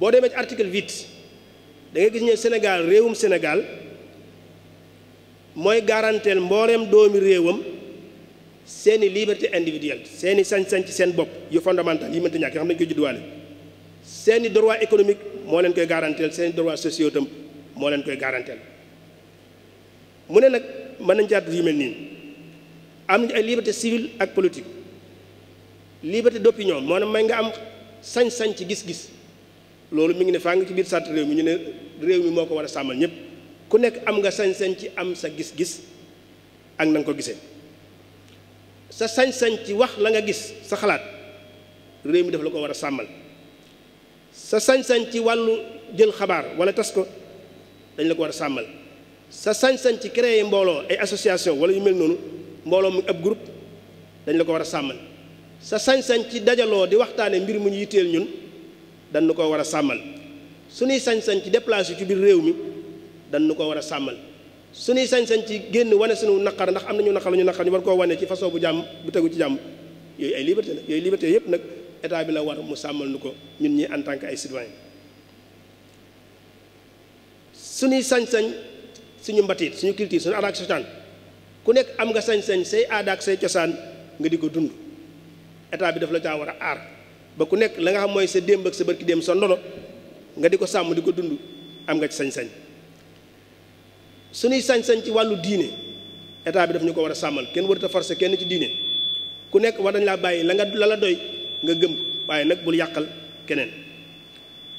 boo demee ci article 8 da gis ne Sénégal réewum Sénégal mooy garanteel mbooleem doomi réewam seeni liberté individuelle seeni sañ-sañ ci seen bopp yu fondamental yi mënta ñàkk yoo xam ne dañu koy judduwaale seeni droit économique moo leen koy garanteel seeni droit sociaux itam moo leen koy garanteel mu ne nag mën nañ caat yu mel nii am nga ay liberté civile ak politique liberté d'opinion moo ne may nga am sañ-sañ ci gis-gis loolu mu ngi ne faa nga ci biir sàtt réew mi ñu ne réew mi moo ko war a sàmmal ñëpp ku nekk am nga sañ-sañ ci am sa gis-gis ak na ko gisee sa sañ-sañ ci wax la nga gis sa xalaat réew mi daf la ko war a sàmmal sa sañ-sañ ci wàllu jël xabaar wala tas ko dañ la ko war sa sañ-sañ ci créer mbooloo ay association wala yu mel noonu mbooloo mu ab groupe dañ la ko war a sàmmal sa sañ-sañ ci dajaloo di waxtaane mbir mu ñu yitteel ñun dañ la ko war a sàmmal suñuy sañ-sañ ci yu ci biir réew mi dan la ko war a sàmmal suñuy sañ-sañ ci génn wane suñu naqar ndax am nañu naqar la ñu naqar ñu war koo wane ci façon bu jàmm bu tegu ci jàmm yooyu ay liberté la yooyu liberté yëpp nag état bi la war mu sàmmal ko ñun ñi en tant que ay sañ-sañ suñu mbatiit suñu culture suñu aada ak cosaan ku nekk am nga sañ-sañ say aada ak say cosaan nga di ko dund état bi daf la caa war a aar ba ku nekk la nga xam mooy sa démb ak sa barki démb sa ndono nga di ko sàmm di ko dund am nga sañ-sañ suñuy sañ-sañ ci wàllu diine état bi daf ñu ko war a sàmmal kenn warut a forcer kenn ci diine ku nekk war nañ laa bàyyi la nga la la doy nga gëm waaye nag bul yàqal keneen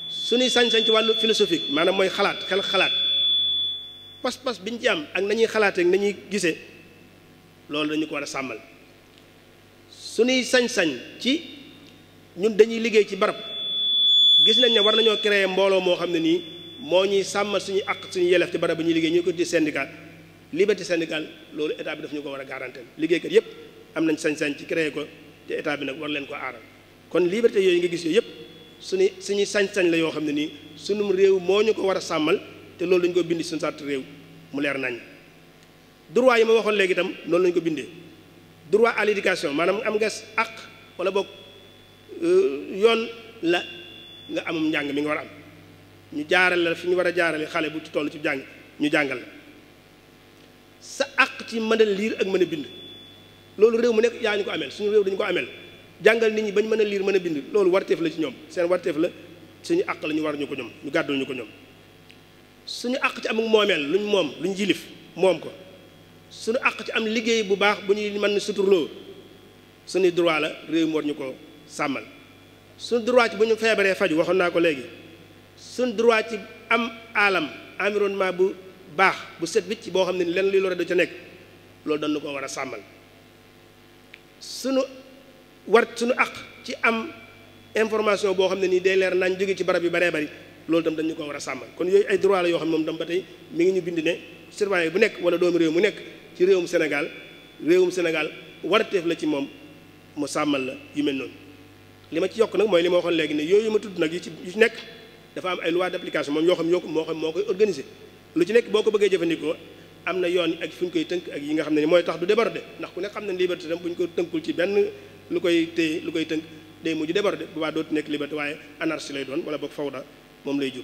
suñuy sañ-sañ ci wàllu philosophique maanaam mooy xalaat xel xalaat pas-pas biñ ci am ak nañuy xalaatee ak nañuy gisee loolu dañu ko war a sàmmal suñuy sañ-sañ ci ñun dañuy liggéey ci barab gis nañ ne war nañoo créer mbooloo moo xam ne nii moo ñuy sàmmal suñu àq suñu yelef ci barab bi ñuy liggéey ñu ko di syndicat liberté syndicale loolu état bi daf ñu ko war a liggéey liggéeykat yëpp am nañ sañ-sañ ci créer ko te état bi nag war leen ko aaral kon liberté yooyu nga gis yooyu yëpp suñu suñuy sañ-sañ la yoo xam ne nii sunum réew moo ñu ko war a sàmmal te loolu dañu ko bind suñu sart réew mu leer nañ droit yi ma waxoon léegi itam noonu lañu ko bindee droit à l'éducation maanaam am nga àq wala boog euh, yoon la nga amum njàng mi nga war a ñu jaaral la fi ñu war a jaarale xale bu ci toll ci jàng ñu jàngal la sa àq ci mën a liir ak mën a bind loolu réew mu nekk yaa ñu ko ameel suñu réew dañu ko ameel jàngal nit ñi bañ mën a liir mën a bind loolu warteef la ci ñoom seen warteef la suñu àq la ñu war ñu ko ñoom ñu gàddul ko ñoom suñu àq ci amuk moomeel luñ moom lu luñ jilif moom ko suñu àq ci am liggéey bu baax bu ñuy mën suturloo suñu droit la réew mi war ñu ko sàmmal suñu droit ci bu ñu feebaree faju waxoon naa ko léegi suñ droit ci am aalam environnement bu baax bu set ci boo xam ne ni lenn luy lore du ca nekk loolu dañu ko war a sàmmal sunu war sunu àq ci am information boo xam ne nii day leer nañ jóge ci barab yu baree bari loolu tam dañu ko war a sàmmal kon yooyu ay droit la yoo xam ne moom tam ba tey mi ngi ñu bind ne citoyen bu nekk wala doomu réew mu nekk ci réewum Sénégal réewum Sénégal warteef la ci moom mu sàmmal la yu mel noonu li ci yokk nag mooy li ma waxoon léegi ne yooyu ma tudd nag ci yu ci nekk dafa am ay loi d'application moom yoo xam ñoo ko moo xam moo koy organisé lu ci nekk boo ko bëggee jëfandikoo am na yoon ak fi ñu koy tënk ak yi nga xam ne mooy tax du déborder ndax ku ne xam ne liberté tam bu ñu ko tënkul ci benn lu koy téye lu koy tënk day mujj déborder bu baax dootu nekk liberté waaye anarchie lay doon wala boog fawda moom lay jur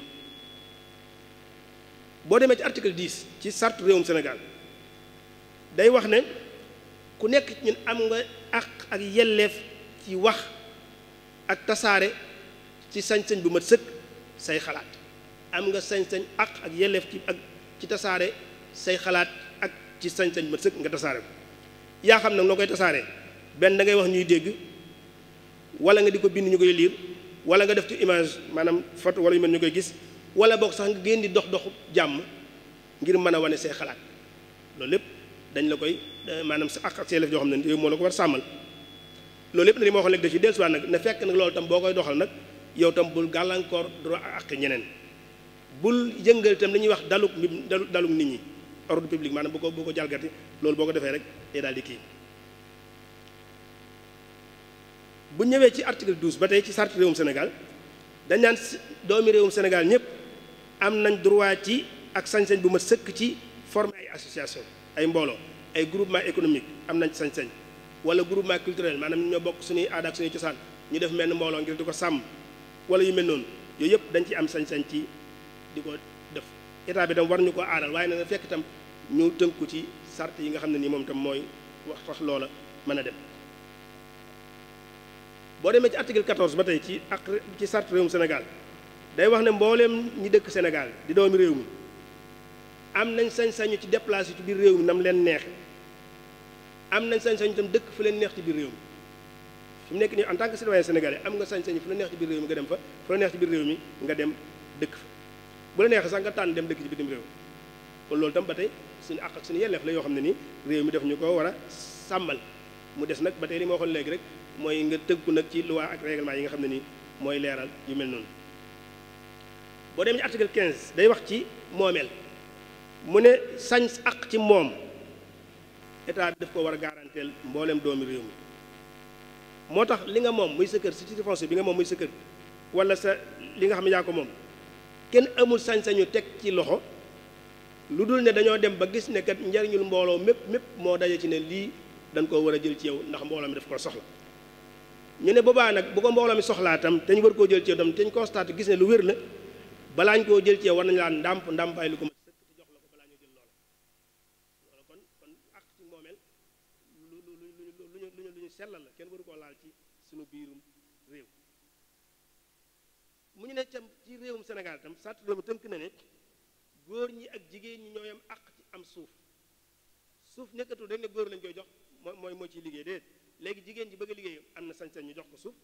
demee ci article 10 ci charte réewum Sénégal day wax ne ku nekk ñun am nga àq ak yelleef ci wax ak tasaare ci sañ-sañ bu ma sëkk say xalaat am nga sañ-sañ àq ak yelleef ci ak ci tasaare say xalaat ak ci sañ-sañ mat sëkk nga tasaare ko yaa xam nag noo koy tasaare benn da ngay wax ñuy dégg wala nga di ko bind ñu koy liir wala nga def ci image maanaam foto wala yu mel ñu koy gis wala boog sax nga génn di dox doxu jàmm ngir mën a wane say xalaat loolu yépp dañ la koy eh, maanaam sa ak yelleef yoo xam ne moo la ko war sàmmal loolu lépp nag li ma waxoon léegi da ci dellusiwaat nag na fekk loolu tam boo koy doxal nag yow tam bul gàllankoor droit ak ñeneen bul yëngal itam li ñuy wax daluk dalu daluk nit ñi ordre public maanaam bu ko bu ko jalgati loolu boo ko defee rek day daal kii bu ñëwee ci article 12 ba tey ci charte réewum Sénégal dañ naan doomi réewum Sénégal ñëpp am nañ droit ci ak sañ bu ma sëkk ci former ay association ay mbooloo ay groupement économique am nañ sañ-sañ wala groupement culturel maanaam ñoo bokk suñuy aada ak suñuy cosaan ñu def mel ni mbooloo ngir di ko sàmm wala yu mel noonu yooyu yëpp dañ ci am sañ-sañ ci di ko def état bi tam war ñu ko aaral waaye na fekk tam ñu tënku ci sart yi nga xam ne nii moom tam mooy wax wax loola mën a dem boo demee ci article 14 ba tey ci ak ci sart réewum day wax ne mbooleem ñi dëkk Sénégal di doomi réew mi am nañ sañ-sañu ci déplacé ci biir réew mi nam leen neex am nañ sañ-sañu tam dëkk fu leen neex ci biir réew mi fi nekk nii en tant que citoyen sénégalais am nga sañ-sañ fu la neex ci biir réew mi nga dem fa fu la neex ci biir réew mi nga dem dëkk fa bu la neex sax nga tànn dem dëkk ci bitim réew kon loolu tam ba tey suñu àq ak suñu yelleef la yoo xam ne nii réew mi daf ñu ko war a sàmmal mu des nag ba tey li ma waxoon léegi rek mooy nga tëggu nag ci loi ak règlement yi nga xam ne nii mooy leeral yu mel noonu boo demee ci article quinze day wax ci moomeel mu ne sañ àq ci moom état daf ko war a garanteel mboolem doomi réew mi moo tax li nga moom muy sa kër si titre foncier bi nga moom muy sa kër wala sa li nga xam ne yaa ko moom kenn amul sañ-sañu teg ci loxo lu dul ne dañoo dem ba gis ne kat njariñul mbooloo mépp mépp moo daje ci ne lii dañ koo war a jël ci yow ndax mbooloo mi daf koo soxla ñu ne boobaa nag bu ko mbooloo mi soxlaa tam te ñu war koo jël ci yow tam te ñu constaté gis ne lu wér la balaañ koo jël ci yow war nañu laa ndàmp ndàmpaay lu ko mën sëkk jox la ko balaa ñu jël kon ak ci moomeel lu la suñu biirum réew mu ñu ne tam ci réewum Sénégal tam sant loolu tënk na ne góor ñi ak jigéen ñi ñooy am àq ci am suuf suuf nekkatul rek ne góor lañ koy jox mooy mooy moo ciy liggéey déet léegi jigéen ji bëgg a liggéey am na sañ-sañ ñu jox ko suuf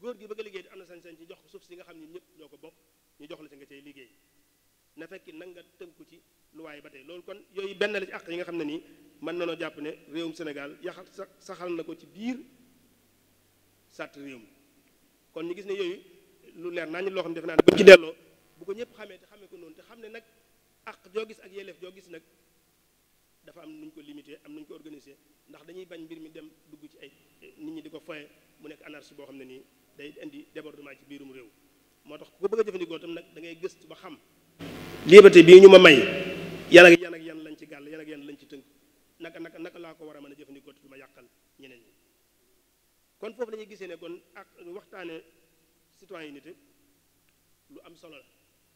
góor gi bëgg a liggéey am na sañ-sañ ci jox ko suuf si nga xam ne ñëpp ñoo ko bokk ñu jox la si nga cay liggéey na fekki nag nga ko ci luwaay ba tey loolu kon yooyu benn la ci àq yi nga xam ne nii mën nanoo jàpp ne réewum Sénégal yaxal saxal na ko ci biir sàtt réew mi kon ñu gis ne yooyu lu leer naa ñu loo xam ne defe naa ne buñ ci delloo bu ko ñëpp xamee te xamee ko noonu te xam ne nag ak joo gis ak yelleef joo gis nag dafa am nuñ ko limité am nuñ ko organisé ndax dañuy bañ mbir mi dem dugg ci ay nit ñi di ko foye mu nekk anarchie boo xam ne nii day indi débordement ci biirum réew moo tax ku ko bëgg a jëfandikoo tam nag da ngay gëstu ba xam liberté bii ñu ma may yan ak yan ak yan lañ ci gàll yan ak yan lañ ci tënk naka naka naka laa ko war a mën a jëfandikoo te du ma yàqal ñeneen ñi kon foofu la gisee ne kon ak waxtaane citoyenneté lu am solo la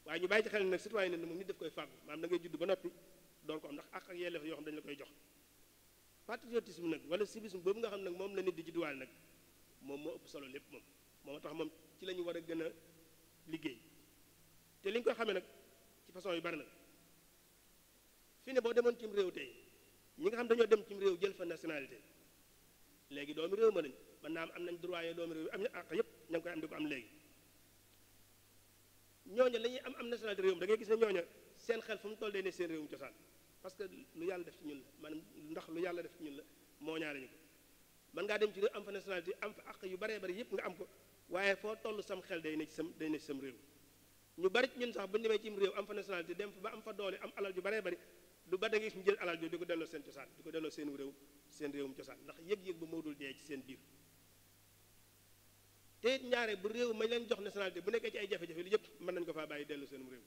waaye ñu bàyyi ci xel nag citoyenneté moom nit daf koy fàggu maam da ngay judd ba noppi door ko am ndax ak yelleef yoo xam dañu la koy jox patriotisme nag wala civisme boobu nga xam nag moom la nit di judduwaal nag moom moo ëpp solo lépp moom moo tax moom ci la war a gën a liggéey te li ñu koy xamee nag ci façon yu bari nag fii ne boo demoon cim réew tey ñi nga xam dañoo dem cim réew jël fa nationalité léegi doomi réew ma lañ mën naa am am nañ droit yooyu doomi réew am na àq yëpp ña ngi koy am di ko am léegi ñooña la ñuy am am nationalité réew mi da ngay gis ne ñooña seen xel fu mu toll dee ne seen réewum cosaan parce que lu yàlla def ci ñun la maanaam ndax lu yàlla def ci ñun la moo ñaare ñu ko mën ngaa dem ci réew am fa nationalité am fa àq yu baree bari yëpp nga am ko waaye foo toll sam xel day ne ci sam day ne ci sam réew ñu bari ci ñun sax bu ñu demee ci réew am fa nationalité dem fa ba am fa doole am alal ju baree bari du ba da ngay jël alal jooju di ko delloo seen cosaan di ko delloo seen réew seen réewum cosaan ndax yëg-yëg ba moo dul dee ci seen biir te ñaare bu réew mañ leen jox nationalité bu nekkee ci ay jafe-jafe li yëpp mën nañ ko faa bàyyi dellu seenum réew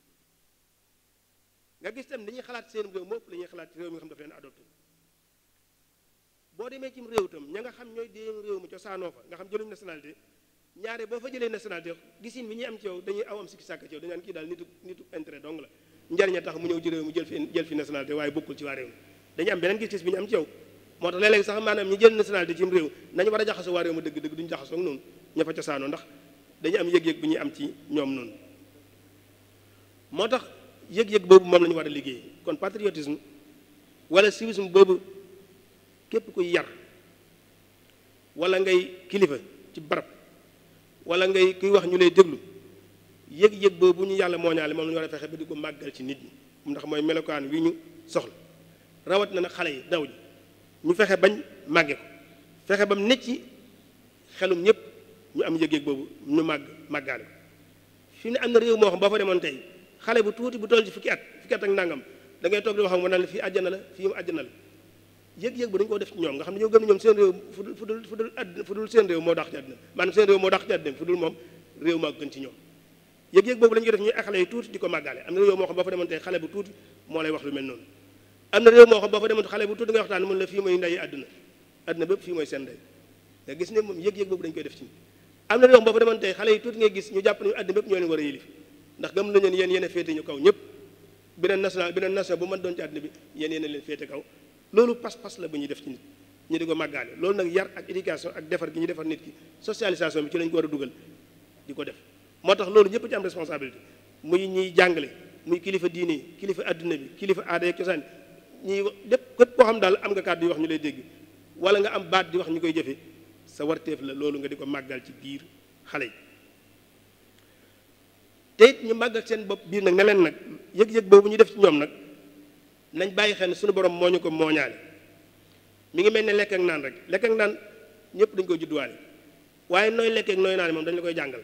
nga gis tam li ñuy xalaat seen réew moo ëpp la ñuy xalaat ci réew mi nga xam daf leen adopté boo demee cim réew itam nga xam ñooy dee réew mi cosaanoo fa nga xam jëluñ nationalité ñaare boo fa jëlee nationalité gisin bi ñuy am ci yow dañuy aw am sikki sàkk ci yow dañu naan daal nitu nitu intérêt dong la njariñ a tax mu ñëw ci réew mi jël fi jël fi nationalité waaye bokkul ci waa réew mi dañu am beneen gis-gis bi ñu am ci yow moo tax léeg-léeg sax maanaam ñi jël nationalité ci réew nañu war a jaxasoo waa réew ma dëgg-dëgg duñu jaxasoo ak noonu ña fa cosaanoo ndax dañu am yëg-yëg bu ñuy am ci ñoom noonu moo tax yëg-yëg boobu moom la ñu war a liggéey kon patriotisme wala civisme boobu képp kuy yar walla ngay kilifa ci barab walla ngay kuy wax ñu lay déglu yëg-yëg boobu ñu yàlla mooñaale moom la ñu war a fexe ba di ko màggal ci nit ñi ndax mooy melokaan wi ñu soxla rawat na nag xale yi daw ji ñu fexe bañ màgge fexe ba mu nekk ci xelum ñëpp ñu am yëg-yëg boobu ñu màgg màggaale ko fi ne am moo xam boo fa demoon xale bu tuuti bu toll ci fukki at fukki at da ngay toog di wax ak mu naan fii àjjana la fii mu àjjana la yëg-yëg bu dañu ko def ci ñoom nga xam ne ñoo gëm ne ñoom seen réew fu dul fu dul fu dul seen réew moo dax ci àddina man seen réew moo dax ci àddina fu dul moom réew maa gën ci ñoom yëg-yëg boobu lañ ko def ñuy ak xale yu tuuti di ko màggale am na réew moo xam boo fa demoon tey xale bu tuuti moo lay wax lu mel noonu am na réew moo xam boo fa demoon xale bu tuuti ngay waxtaan mun la fii mooy ndeyi àdduna àdduna bépp fii mooy seen ndey nga gis ne moom yëg-yëg boobu dañ koy def ci am na réew xam boo fa demoon tey xale yu tuuti ngay gis ñu jàpp ne àdduna bépp ñoo leen war a yilif ndax gëm nañu ne yéen yéen féete ñu kaw ñëpp beneen national beneen nation bu mën doon ci a leen féete kaw loolu pas-pas la ñuy def ci ko màggaale loolu nag yar ak éducation ak defar gi ñu defar nit ki socialisation bi ci lañ ko dugal di ko def moo tax loolu ñëpp ci am responsabilité muy ñuy jàngale muy kilifa diine yi kilifa adduna bi kilifa aada yeeg cosaan ñiy lépp képp koo xam daal am nga kàddu yi wax ñu lay dégg wala nga am baat di wax ñu koy jëfe sa warteef la loolu nga di ko màggal ci biir xale yi te it ñu màggal seen bopp biir nag ne nag yëg-yëg boobu ñu def ci ñoom nag nañ bàyyi xel ne suñu borom moo ñu ko mooñaale mi ngi mel ne lekk ak naan rek lekk ak naan ñëpp dañ koy judduwaan waaye nooy lekk ak nooy moom dañ la koy jàngal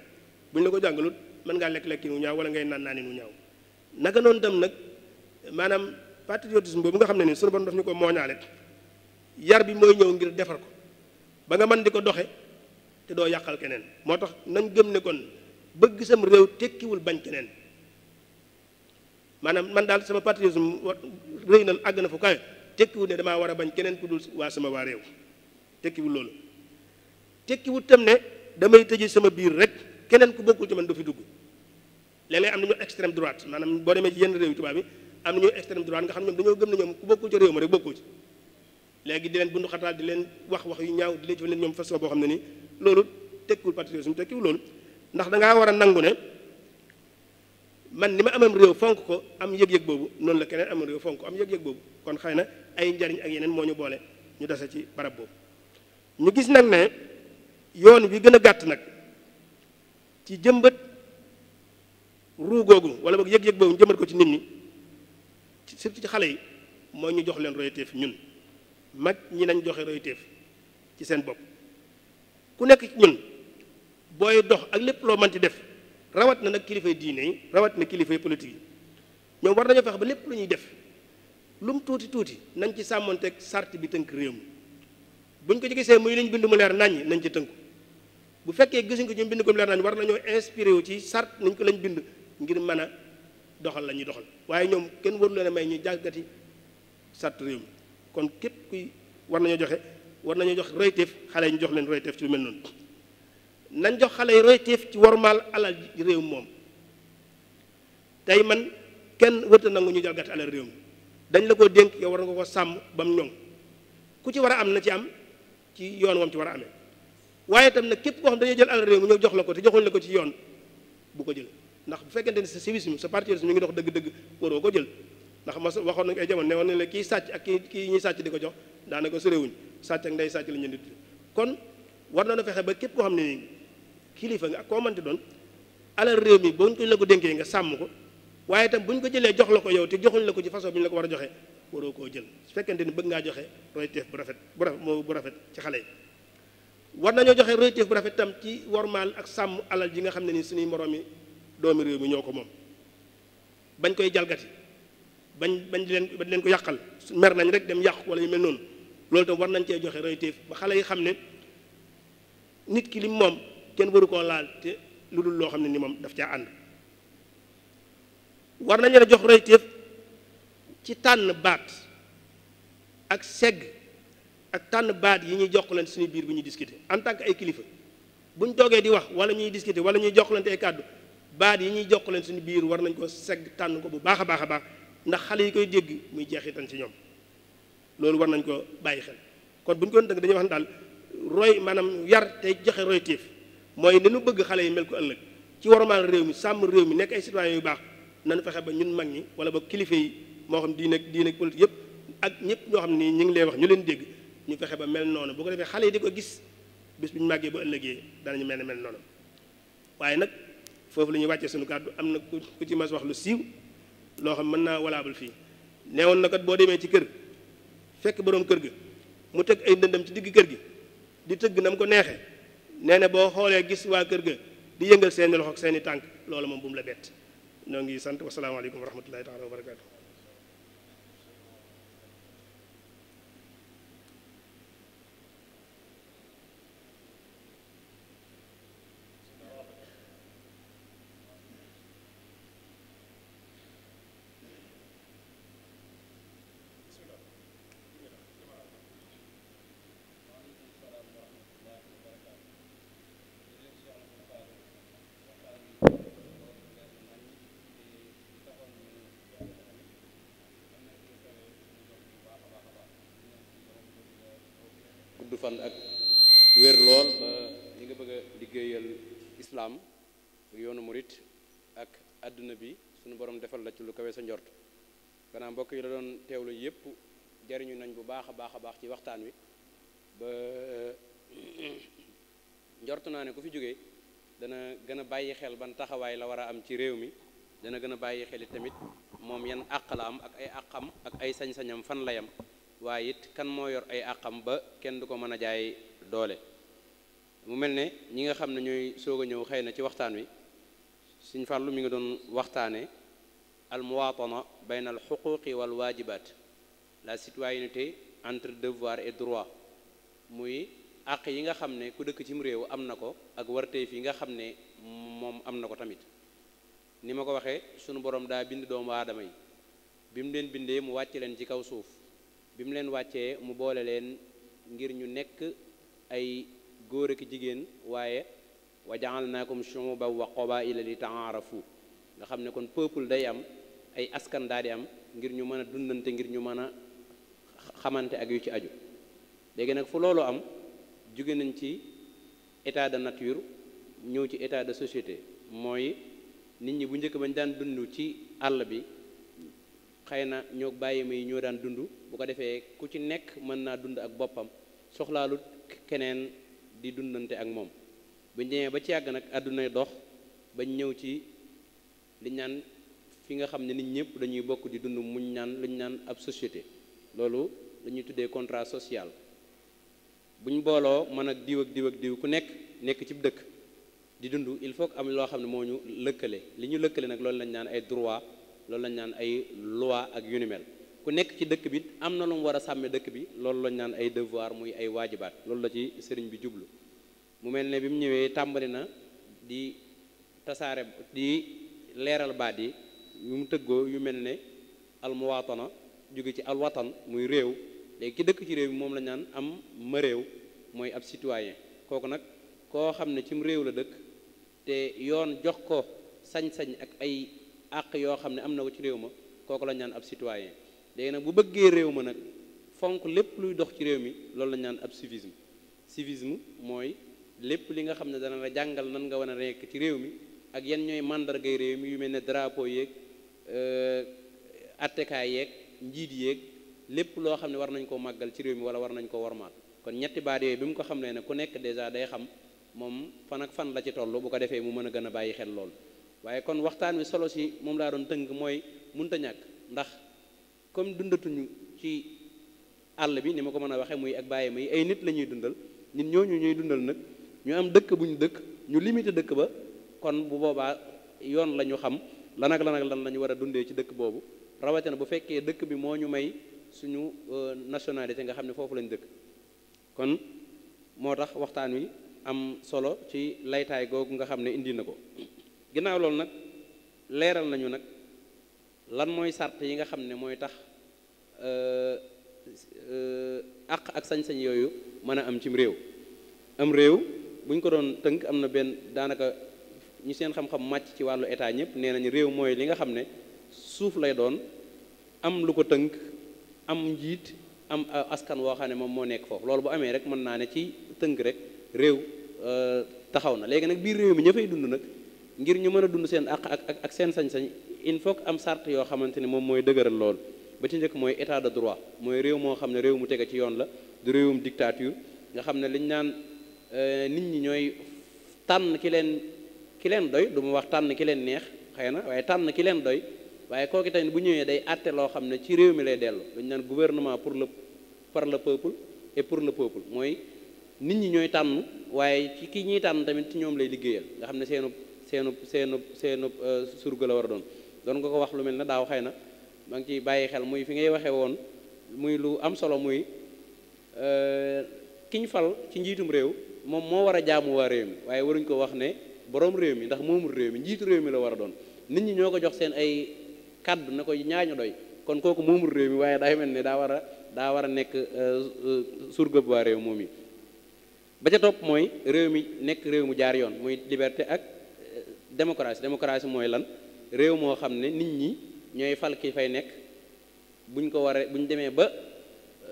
bu ñu la ko jàngalut mën ngaa lekk-lekk yi nu ñaaw wala ngay naan naani nu ñaaw naka noonu tam nag maanaam patriotisme boobu nga xam ne ni sunu borom ñu ko mooñaale yar bi mooy ñëw ngir defar ko ba nga man di ko doxe te doo yàqal keneen moo tax nañ gëm ne kon bëgg sam réew tekkiwul bañ keneen maanaam man daal sama patriotisme rëy na àgg na fu kawe tekkiwul ne damaa war a bañ keneen ku dul waa sama waa réew tekkiwul loolu tekkiwul tam ne damay tëje sama biir rek keneen ku bokkul ci man du fi dugg léeg-léeg am na ñu extrême droite maanaam boo demee ci yenn réew tubaab yi am na ñuy extrême droite nga xam ne ñoom dañoo gëm ne ñoom ku bokkul ci réew ma rek bokkul ci léegi di leen bundu di leen wax wax yu ñaaw di leen ci leen ñoom façon boo xam ne nii loolu tekkul patriotisme tekkiwul loolu ndax da ngaa war a nangu ne man ni ma amam réew fonk ko am yëg-yëg boobu noonu la keneen amam réew fonk am yëg-yëg boobu kon xëy na ay njariñ ak yeneen moo ñu boole ñu dese ci barab boobu gis nag ne yoon wi gën a gàtt nag ci jëmbat ruu googu wala boog yëg-yëg boobu jëmbat ko ci nit ñi surtout ci xale yi mooy ñu jox leen royteef ñun mag ñi nañ joxe royteef ci seen bopp ku nekk ci ñun booy dox ak lépp loo mënti def rawat na nag kilifay diine yi rawat na kilifay politique yi ñoom war nañoo fexe ba lépp lu ñuy def lu mu tuuti tuuti nañ ci sàmmonteeg sart bi tënk réew mi buñ ko ci gisee muy liñ bind mu leer naññ nañ ci tënku bu fekkee gisuñ ko ci bind ko mu leer nañ war nañoo inspiré wu ci sart nañ ko lañ bind ngir mën a doxal la ñuy doxal waaye ñoom kenn waru leen a may ñu jàggati sart réew mi kon képp kuy war nañoo joxe war nañoo jox royteef xale ñu jox leen royteef ci lu mel noonu nañ jox xale yi royteef ci wormaal alal réew moom tey man kenn wërta nangu ñu jàggati alal réew mi dañ la ko dénk yow war nga ko sàmm ba ñoŋ ku ci war a am na ci am ci yoon moom ci war a amee waaye itam nag képp ko xam dañoo jël alal réew mi ñëw jox la ko te joxuñ la ko ci yoon bu ko jël ndax bu fekkente sa civisme sa patriotisme ñu ngi dox dëgg-dëgg waroo ko jël ndax mas waxoon nañ ay jamono ne nañ la kii sàcc ak kii kii ñuy sàcc di ko jox daanaka sorewuñ sàcc ak sàcc la ñu nit kon war na na fexe ba képp koo xam ne nii kilifa nga ak koo mënti doon alal réew mi buñ ko la ko dénkee nga sàmm ko waaye itam buñ ko jëlee jox la ko yow te joxuñ la ko ci façon bi ñu la ko war a joxe waroo koo jël su fekkente ni bëgg ngaa joxe roy teef bu rafet bu rafet ci xale yi war nañoo joxe royteef bu rafet tam ci wormaal ak sàmm alal ji nga xam ne ni suñuy moroomi doomi réew mi ñoo ko moom bañ koy jalgati bañ bañ leen bañ leen ko yàqal mer nañ rek dem yàq wala ñu mel noonu loolu tam war nañ cee joxe royteef ba xale yi xam ne nit ki li moom kenn waru koo laal te lu dul loo xam ne ni moom daf caa ànd war nañ leen jox royteef ci tànn baat ak segg ak tànn baat yi ñuy jokkalante suñu biir bu ñuy discuter en tant que ay kilifa bu ñu toogee di wax wala ñuy discuter wala ñuy jox ay kàddu baat yi ñuy jokkalante suñu biir war nañ ko segg tànn ko bu baax a baax a baax ndax xale yi koy dégg muy jeexitan ci ñoom loolu war nañ ko bàyyi xel kon bu ñu ko dëgg dañuy wax ne daal roy maanaam yar tey joxe roy téef mooy ni ñu bëgg xale yi mel ko ëllëg ci warmaal réew mi sàmm réew mi nekk ay citoyen yu baax nañu fexe ba ñun mag ñi wala ba kilifa yi moo xam diine ak diine ak politique yëpp ak ñëpp ñoo xam ni ñu ngi lay wax ñu leen dégg ñu fexe ba mel noonu boo ko defee xale yi di ko gis bis bu màggee ba ëllëgee ñu mel ne mel noonu waaye nag foofu la ñuy wàccee suñu kàddu am na ku ci mas wax lu siiw loo xam mën naa walaabul fii woon na kat boo demee ci kër fekk boroom kër ga mu teg ay dëndam ci digg kër gi di tëgg na mu ko neexee nee na boo xoolee gis waa kër ga di yëngal seeni loxo ak seeni tànk loolu moom bu mu la bett ñoo ngi sant wasalaamaaleykum wa rahmatullahi taala wa barakaatu fan ak wér lool ba li nga bëgg a liggéeyal islaam yoonu murit ak àdduna bi suñu borom defal la ci lu kawe sa njort gannaaw mbokk yi la doon teewlu yépp jariñu nañ bu baax a baax a baax ci waxtaan wi ba njort naa ne ku fi jógee dana gën a bàyyi xel ban taxawaay la war a am ci réew mi dana gën a bàyyi xel it tamit moom yan àq la am ak ay àqam ak ay sañ-sañam fan la yam waaye it kan moo yor ay àqam ba kenn du ko mën a jaay doole mu mel ne ñi nga xam ne ñooy soog a ñëw xëy na ci waxtaan wi Sëñ Fallu mi ngi doon waxtaane al muwaatana bayna al xuquqi wal waajibaat la citoyenneté entre devoir et droit muy àq yi nga xam ne ku dëkk cim réew am na ko ak warteef yi nga xam ne moom am na ko tamit ni ma ko waxee sunu borom daa bind doomu aadama yi bi mu leen bindee mu wàcc leen ci kaw suuf bi mu leen wàccee mu boole leen ngir ñu nekk ay góor ak jigéen waaye naa ko wa ja'alnaakum shu'uban wa qabaa'ila li ta'aarafu nga xam ne kon peuple day am ay askan daal di am ngir ñu mën a dundante ngir ñu mën a xamante ak yu ci aju léegi nag fu loolu am jóge nañ ci état de nature ñëw ci état de société mooy nit ñi bu njëkk bañ daan dund ci àll bi xëy na ñoo bàyyi may ñoo daan dund bu ko defee ku ci nekk mën naa dund ak boppam soxlaalut keneen di dundante ak moom bu ñëwee ba ci yàgg nag àddunay dox bañ ñëw ci li ñaan fi nga xam ne nit ñëpp dañuy bokk di dund muñ ñaan luñ naan ab société loolu la tuddee contrat social buñ booloo mën ak diw ak diw ak diw ku nekk nekk cib dëkk di dund il faut am loo xam ne moo ñu lëkkale li ñu lëkkale nag loolu lañ naan ay droits loolu lañ naan ay loi ak yu ni mel ku nekk ci dëkk bi am na lu mu war a sàmme dëkk bi loolu lañ naan ay devoir muy ay waajibaat loolu la ci sëriñ bi jublu mu mel ne bi mu ñëwee tàmbali na di tasaare di leeral baat yi yu mu tëggoo yu mel ne almuwaatana jóge ci alwatan muy réew léegi ki dëkk ci réew bi moom lañ naan am ma réew mooy ab citoyen kooku nag koo xam ne cim réew la dëkk te yoon jox ko sañ-sañ ak ay àq yoo xam ne am na ko ci réew ma kooku lañ naan ab citoyen léegi nag bu bëggee réew ma nag fonk lépp luy dox ci réew mi loolu lañ naan ab civisme civisme mooy lépp li nga xam ne dana la jàngal nan nga war a nekk ci réew mi ak yan ñooy màndargay réew mi yu mel ne drapeau yeeg euh, attekaay yeeg njiit yeeg lépp loo xam ne war nañ ko màggal ci réew mi wala war nañ koo warmaal kon ñetti baat yooyu bi mu ko xam ne ne ku nekk dèjà day xam moom fan ak fan la ci toll bu ko defee mu mën a gën a bàyyi xel loolu waaye kon waxtaan wi solo si moom laa doon tënk mooy munta ñàkk ndax comme dundatuñu ci àll bi ni ma ko mën a waxee muy ak bàyyi ma yi ay nit la ñuy dundal nit ñooñu ñuy dundal nag ñu am dëkk bu dëkk ñu limité dëkk ba kon bu boobaa yoon la ñu xam lan ak lan ak lan la ñu war a dundee ci dëkk boobu rawatina bu fekkee dëkk bi moo ñu may suñu euh, nationalité nga xam ne foofu lañ dëkk kon moo tax waxtaan wi am solo ci laytaay googu nga xam ne indi na ko ginnaaw loolu nag leeral nañu nag lan mooy sart yi nga xam ne mooy tax euh, euh, àq ak sañ-sañ yooyu mën a am cim réew am réew bu ñu ko doon tënk am na benn daanaka ñu seen xam-xam màcc ci wàllu état ñëpp nee nañu réew mooy li nga xam ne suuf lay doon am lu ko tënk am njiit am askan woo xam ne moom moo nekk foofu loolu bu amee rek mën naa ne ci tënk rek réew euh, taxaw na léegi nag biir réew mi ña dund nag ngir ñu mën a dund seen àq ak ak seen sañ-sañ il faut que am sart yoo xamante ni moom mooy dëgëral loolu ba ci njëkk mooy état de droit mooy réew moo xam ne réew mu tege ci yoon la réewum dictature nga xam ne liñ naan euh, nit ñi ñooy tànn ki leen ki leen doy du ma wax ki leen neex xëy na waaye tànn ki leen doy waaye kooku tamit bu ñëwee day àtte loo xam ne ci réew mi lay dellu dañu naan gouvernement pour le par le peuple et pour le peuple mooy nit ñi ñooy tànn waaye ci ki ñuy tànn tamit ci ñoom lay liggéeyal nga xam ne seenu seenu seenu seenu euh, surga la war a doon doon nga ko wax lu mel ne daa waxee na maa ngi ciy bàyyi xel muy fi ngay waxee woon muy lu am solo muy euh, ki ñu fal ci njiitum réew moom moo war a jaamu waa réew mi waaye waruñ ko wax ne borom réew mi ndax moomul réew mi njiitu réew mi la war a doon nit ñi ñoo ko jox seen ay kàddu na ko ñaañu doy kon kooku moomul réew mi waaye day mel ne daa war a daa war a nekk euh, surga bu waa réew moom yi ba ca topp mooy réew mi nekk réew mu jaar yoon muy liberté ak démocratie démocratie mooy lan réew moo xam ne nit ñi ñooy fal ki fay nekk buñ ko waree buñ demee ba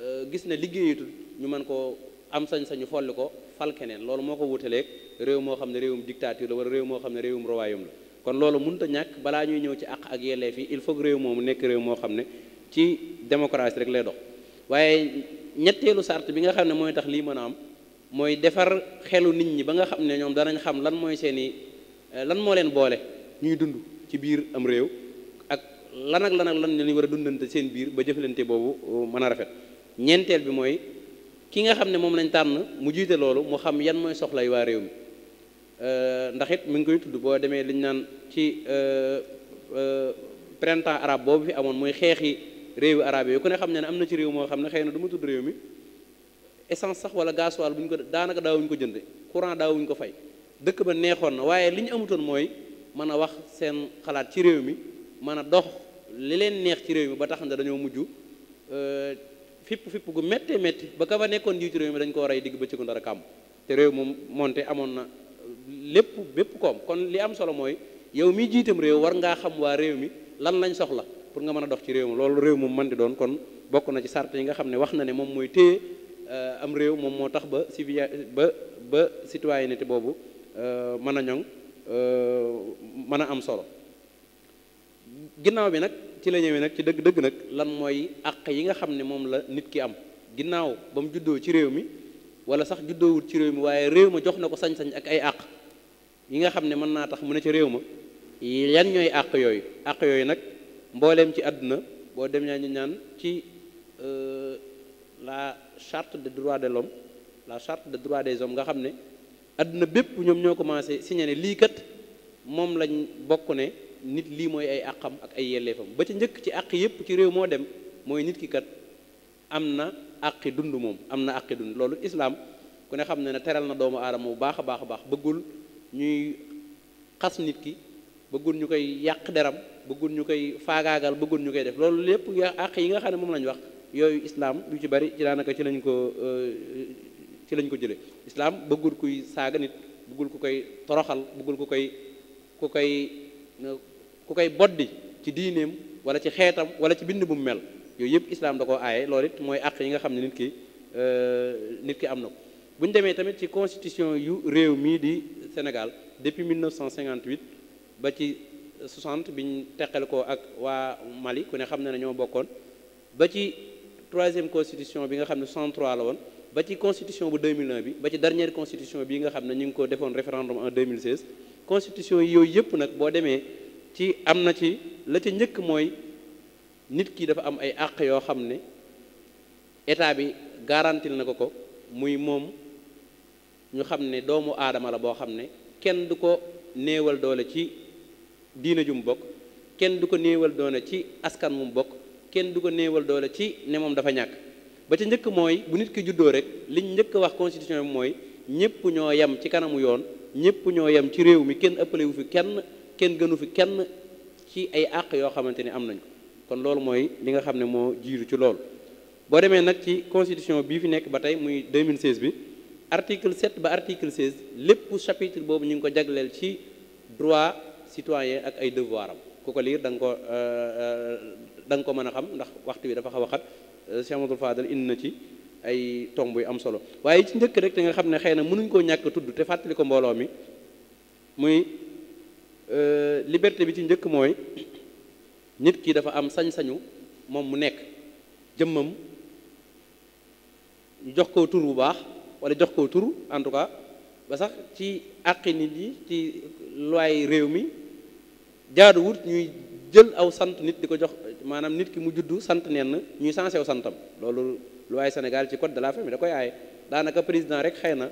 euh, gis na liggéeyatu ñu mën koo am sañ-sañu folli ko fal keneen loolu moo ko wutaleeg réew moo xam ne réewum dictature la wala réew moo xam ne réewum royaume la kon loolu mun a ñàkk balaa ñuy ñëw ci àq ak yelleef yi il faut que réew moomu nekk réew moo xam ne ci démocratie rek lay dox waaye ñetteelu sart bi nga xam ne mooy tax lii mën a am mooy defar xelu nit ñi ba nga xam ne ñoom danañ xam lan mooy seeni Euh, lan moo leen boole ñuy dund ci biir am réew ak lan ak lan ak lan lañu war a dundante seen biir ba jëflante boobu euh, mën a rafet ñeenteel bi mooy ki nga xam ne moom lañ tànn mu jiite loolu mu xam yan mooy soxlay waa réew mi euh, ndax it mi ngi koy tudd boo demee liñ naan ci printemps arabe boobu fi amoon mooy xeexi réewi arabe yooyu ku ne xam ne ne am na ci réew moo xam ne xëy na du ma tudd réew mi essence sax wala gasoil bu ñu ko daanaka daawuñ ko jënd courant daawuñ ko fay dëkk ba neexoon na waaye li ñu amutoon mooy mën a wax seen xalaat ci réew mi mën a dox li leen neex ci réew mi ba tax na dañoo mujj euh, fipp fipp gu méttee métti ba ka fa nekkoon jiw réew mi dañ ko rey digg bëccëgu ndara kàmm te réew moom moonte amoon na lépp bépp koom kon li am solo mooy yow mi jiitam réew war ngaa xam waa réew mi lan lañ soxla pour nga mën a dox ci réew mi loolu réew moom man di doon kon bokk na ci sart yi nga xam ne wax na ne moom mooy téye euh, am réew moom moo tax ba civi ba ba citoyenneté boobu Euh, mën a ñoŋ euh, mën a am solo ginnaaw bi nag ci la ñëwee nag ci dëgg dëgg nag lan mooy àq yi nga xam ne moom la nit ki am ginnaaw ba mu juddoo ci réew mi wala sax juddoowut ci réew mi waaye réew ma jox na ko sañ-sañ ak ay àq yi nga xam ne mën naa tax mu ne ci réew ma yan ñooy àq yooyu àq yooyu nag mbooleem ci àdduna boo dem ñaa ñu ñaan ci euh, la charte de droits de l'homme la charte des droits de hommes nga xam ne adduna bépp ñoom ñoo commencé signé ne lii kat moom lañ bokk ne nit lii mooy ay àqam ak ay yelleefam ba ci njëkk ci àq yépp ci réew moo dem mooy nit ki kat am na àqi dund moom am na àqi dund loolu islaam ku ne xam ne ne teral na doomu aadama bu baax a baax a baax bëggul ñuy xas nit ki bëggul ñu koy yàq deram bëggul ñu koy faagaagal bëggul ñu koy def loolu lépp àq yi nga xam ne moom lañ wax yooyu islaam lu ci bari ci daanaka ci lañ ko euh, ci lañ ko jëlee islaam bëggul kuy saaga nit bëggul ku koy toroxal bëggul ku koy ku koy ku koy boddi ci diineem wala ci xeetam wala ci bind bu mu mel yooyu yëpp islaam da ko aaye loolu it mooy àq yi nga xam ne nit ki euh, nit ki am na ko bu ñu demee tamit ci constitution yu réew mii di Sénégal depuis 1958 ba ci bi ñu teqal ko ak waa Mali ku ne xam ne ne ñoo bokkoon ba ci troisième constitution bi nga xam ne 63 la woon ba ci constitution bu 2001 bi ba ci dernière constitution bi nga xam ne ñu ngi ko defoon référendum en 2016 constitution yooyu yëpp nag boo demee ci am na ci la ca njëkk mooy nit ki dafa am ay àq yoo xam ne état bi garantil na ko ko muy moom ñu xam ne doomu aadama la boo xam ne kenn du ko néewal doole ci diina ju mu bokk kenn du ko néewal doole ci askan mu bokk kenn du ko néewal doole ci ne moom dafa ñàkk ba ca njëkk mooy bu nit ki juddoo rek liñ njëkk wax constitution bi mooy ñëpp ñoo yem ci kanamu yoon ñëpp ñoo yem ci réew mi kenn ëpple wu fi kenn kenn gënu fi kenn ci ay àq yoo xamante ni am nañ kon loolu mooy li nga xam ne moo jiitu ci lool boo demee nag ci constitution bii fi nekk ba tey muy 2016 bi article 7 ba article 16 lépp chapitre boobu ñu ngi ko jagleel ci droit citoyen ak ay devoir am ku ko liir da nga ko euh, euh, da nga ko mën a xam ndax waxtu bi dafa xaw a xat Eh, Cheikh Amadou Fadal indi na ci ay tomb yu am solo waaye ci njëkk rek te nga xam ne xëy na mënuñ koo ñàkk tudd te fàttali ko mbooloo mi muy eh, liberté bi ci njëkk mooy nit ki dafa am sañ-sañu moom mu nekk jëmmam jox ko tur bu baax wala jox ko tur en tout cas ba sax ci àqi nit yi ci loi réew mi jaaduwut ñuy jël aw sant nit di ko jox maanaam nit ki mu juddu sant nenn ñuy sensé wu santam loolu lu waaye Sénégal ci code de la famille da ko aaye daanaka président rek xëy na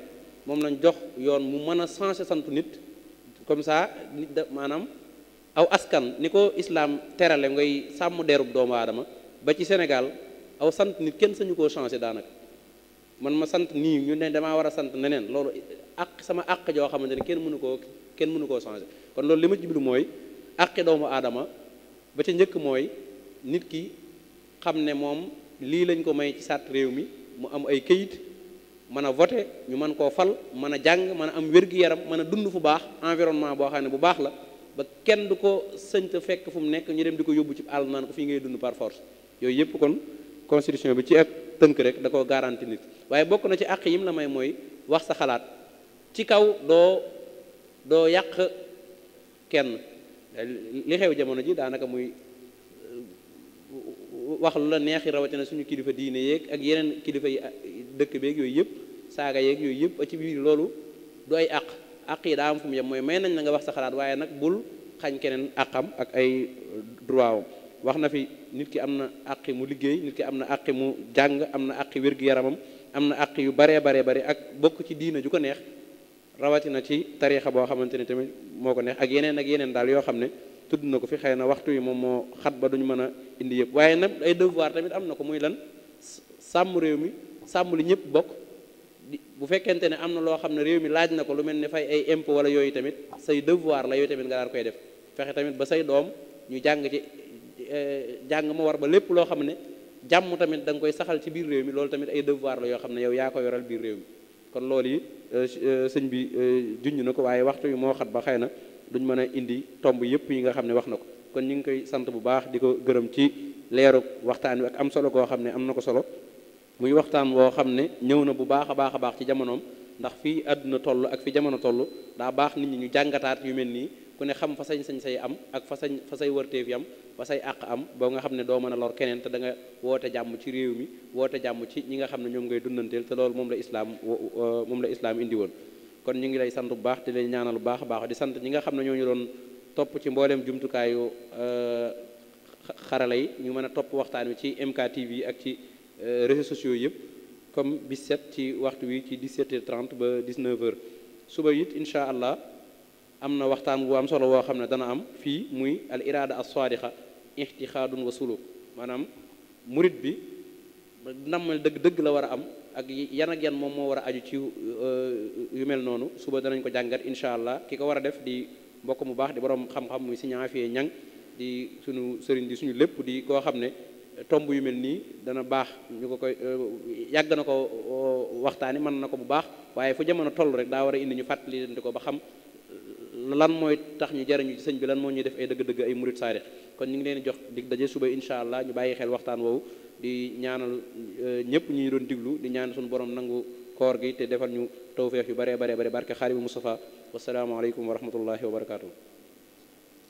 moom lañ jox yoon mu mën a changé santu nit comme ça nit da maanaam aw askan ni ko islaam terale ngay sàmm deerub doomu aadama ba ci Sénégal aw sant nit kenn sañu ko changé daanaka man ma sant nii ñu ne damaa war a sant neneen loolu ak sama àq joo xamante ne kenn mënu koo kenn mënu koo changé kon loolu li ma jublu mooy àqi doomu aadama ba ca njëkk mooy nit ki xam ne moom lii lañ ko may ci sàtt réew mi mu am ay këyit mën a vote ñu mën koo fal mën a jàng mën a am wér-gu-yaram mën a dund fu baax environnement boo xam ne bu baax la ba kenn du ko sëñta fekk fu mu nekk ñu dem di ko yóbbu ci àll ko fii ngay dund par force yooyu yëpp kon constitution bi ci ak tënk rek da koo garanti nit waaye bokk na ci àq yim la may mooy wax sa xalaat ci kaw doo doo yàq kenn li xew jamono ji daanaka muy wax lu la neexi rawatina suñu kilifa diine yeeg ak yeneen kilifa yi dëkk beeg yooyu yëpp saaga yeeg yooyu yëpp ci biir loolu du ay àq àq yi daa am fu mu yem mooy may nañ la nga wax sa xalaat waaye nag bul xañ keneen àqam ak ay droit wax na fi nit ki am na àqi mu liggéey nit ki am na àqi mu jàng am na àqi wér-gu-yaramam am na àqi yu baree baree bare ak bokk ci diina ju ko neex rawatina ci tariixa boo xamante ne tamit moo ko neex ak yeneen ak yeneen daal yoo xam ne tudd na ko fi xëy na waxtu yi moom moo xat ba duñu mën a indi yëpp waaye nag ay devoir tamit am na ko muy lan sàmm réew mi sàmm lu ñëpp bokk bu fekkente ne am na loo xam ne réew mi laaj na ko lu mel ne fay ay impôt wala yooyu tamit say devoir la yooyu tamit nga daan koy def fexe tamit ba say doom ñu jàng ci eh, jàng ma war ba lépp loo xam ne jàmm tamit danga koy saxal ci biir réew mi loolu tamit ay devoir la yoo xam ne yow yaa ko yoral biir réew mi kon loolu yi eh, eh, sëñ bi junj na ko waaye waxtu wi moo xat ba xëy na duñ mën a indi tomb yëpp yi nga xam ne wax na ko kon ñu ngi koy sant bu baax di ko gërëm ci leeru waxtaan wi ak am solo goo xam ne am na ko solo muy waxtaan woo xam ne ñëw na bu baax a baax a baax ci jamonoom ndax fii àdduna toll ak fi jamono toll daa baax nit ñi ñu jàngataat yu mel nii ku ne xam fa sañ-sañ say am ak fa sañ fa say wërteef yam am fa say àq am boo nga xam ne doo mën a lor keneen te da nga woote jàmm ci réew mi woote jàmm ci ñi nga xam ne ñoom ngay dundanteel te loolu moom la islaam moom la islaam indi woon kon ñu ngi lay sant bu baax te lay ñaanal bu baax a baax di sant ñi nga xam ne ñoo ñu doon topp ci mbooleem jumtukaayu euh, xarala yi ñu mën a topp waxtaan wi ci MK TV ak ci euh, réseaux sociaux yëpp comme set ci waxtu wi ci 17 set 30 ba 19h suba it incha allah am na waxtaan wu am solo woo xam ne dana am fii muy al iraada as sadiqa ixtixaadun wa suluk maanaam murit bi nammal dëgg dëgg la war a am ak yan ak yan moom moo war a aju ci euh, yu mel noonu suba danañ ko jàngat incha allah ki ko war a def di mbokk mu baax di borom xam-xam muy Serigne Afia Niang di suñu sëriñ di suñu lépp di koo xam ne tomb yu mel nii dana baax ñu ko koy euh, yàgg na ko euh, waxtaani man na ko bu baax waaye fu jamono toll rek daa war a indi ñu fàttali leen di ko ba xam lan mooy tax ñu jariñu ci sëñ bi lan moo ñuy def ay dëgg-dëgg ay murit saare kon ñu ngi leen di jox dig daje suba incha allah ñu bàyyi xel waxtaan woowu di ñaanal euh, ñëpp ñu doon diglu di ñaan suñu borom nangu koor gi te defal ñu tawféex yu baree baree bare barke xaari bu Mustafa wasalaamaaleykum wa rahmatullahi wa barakaatu.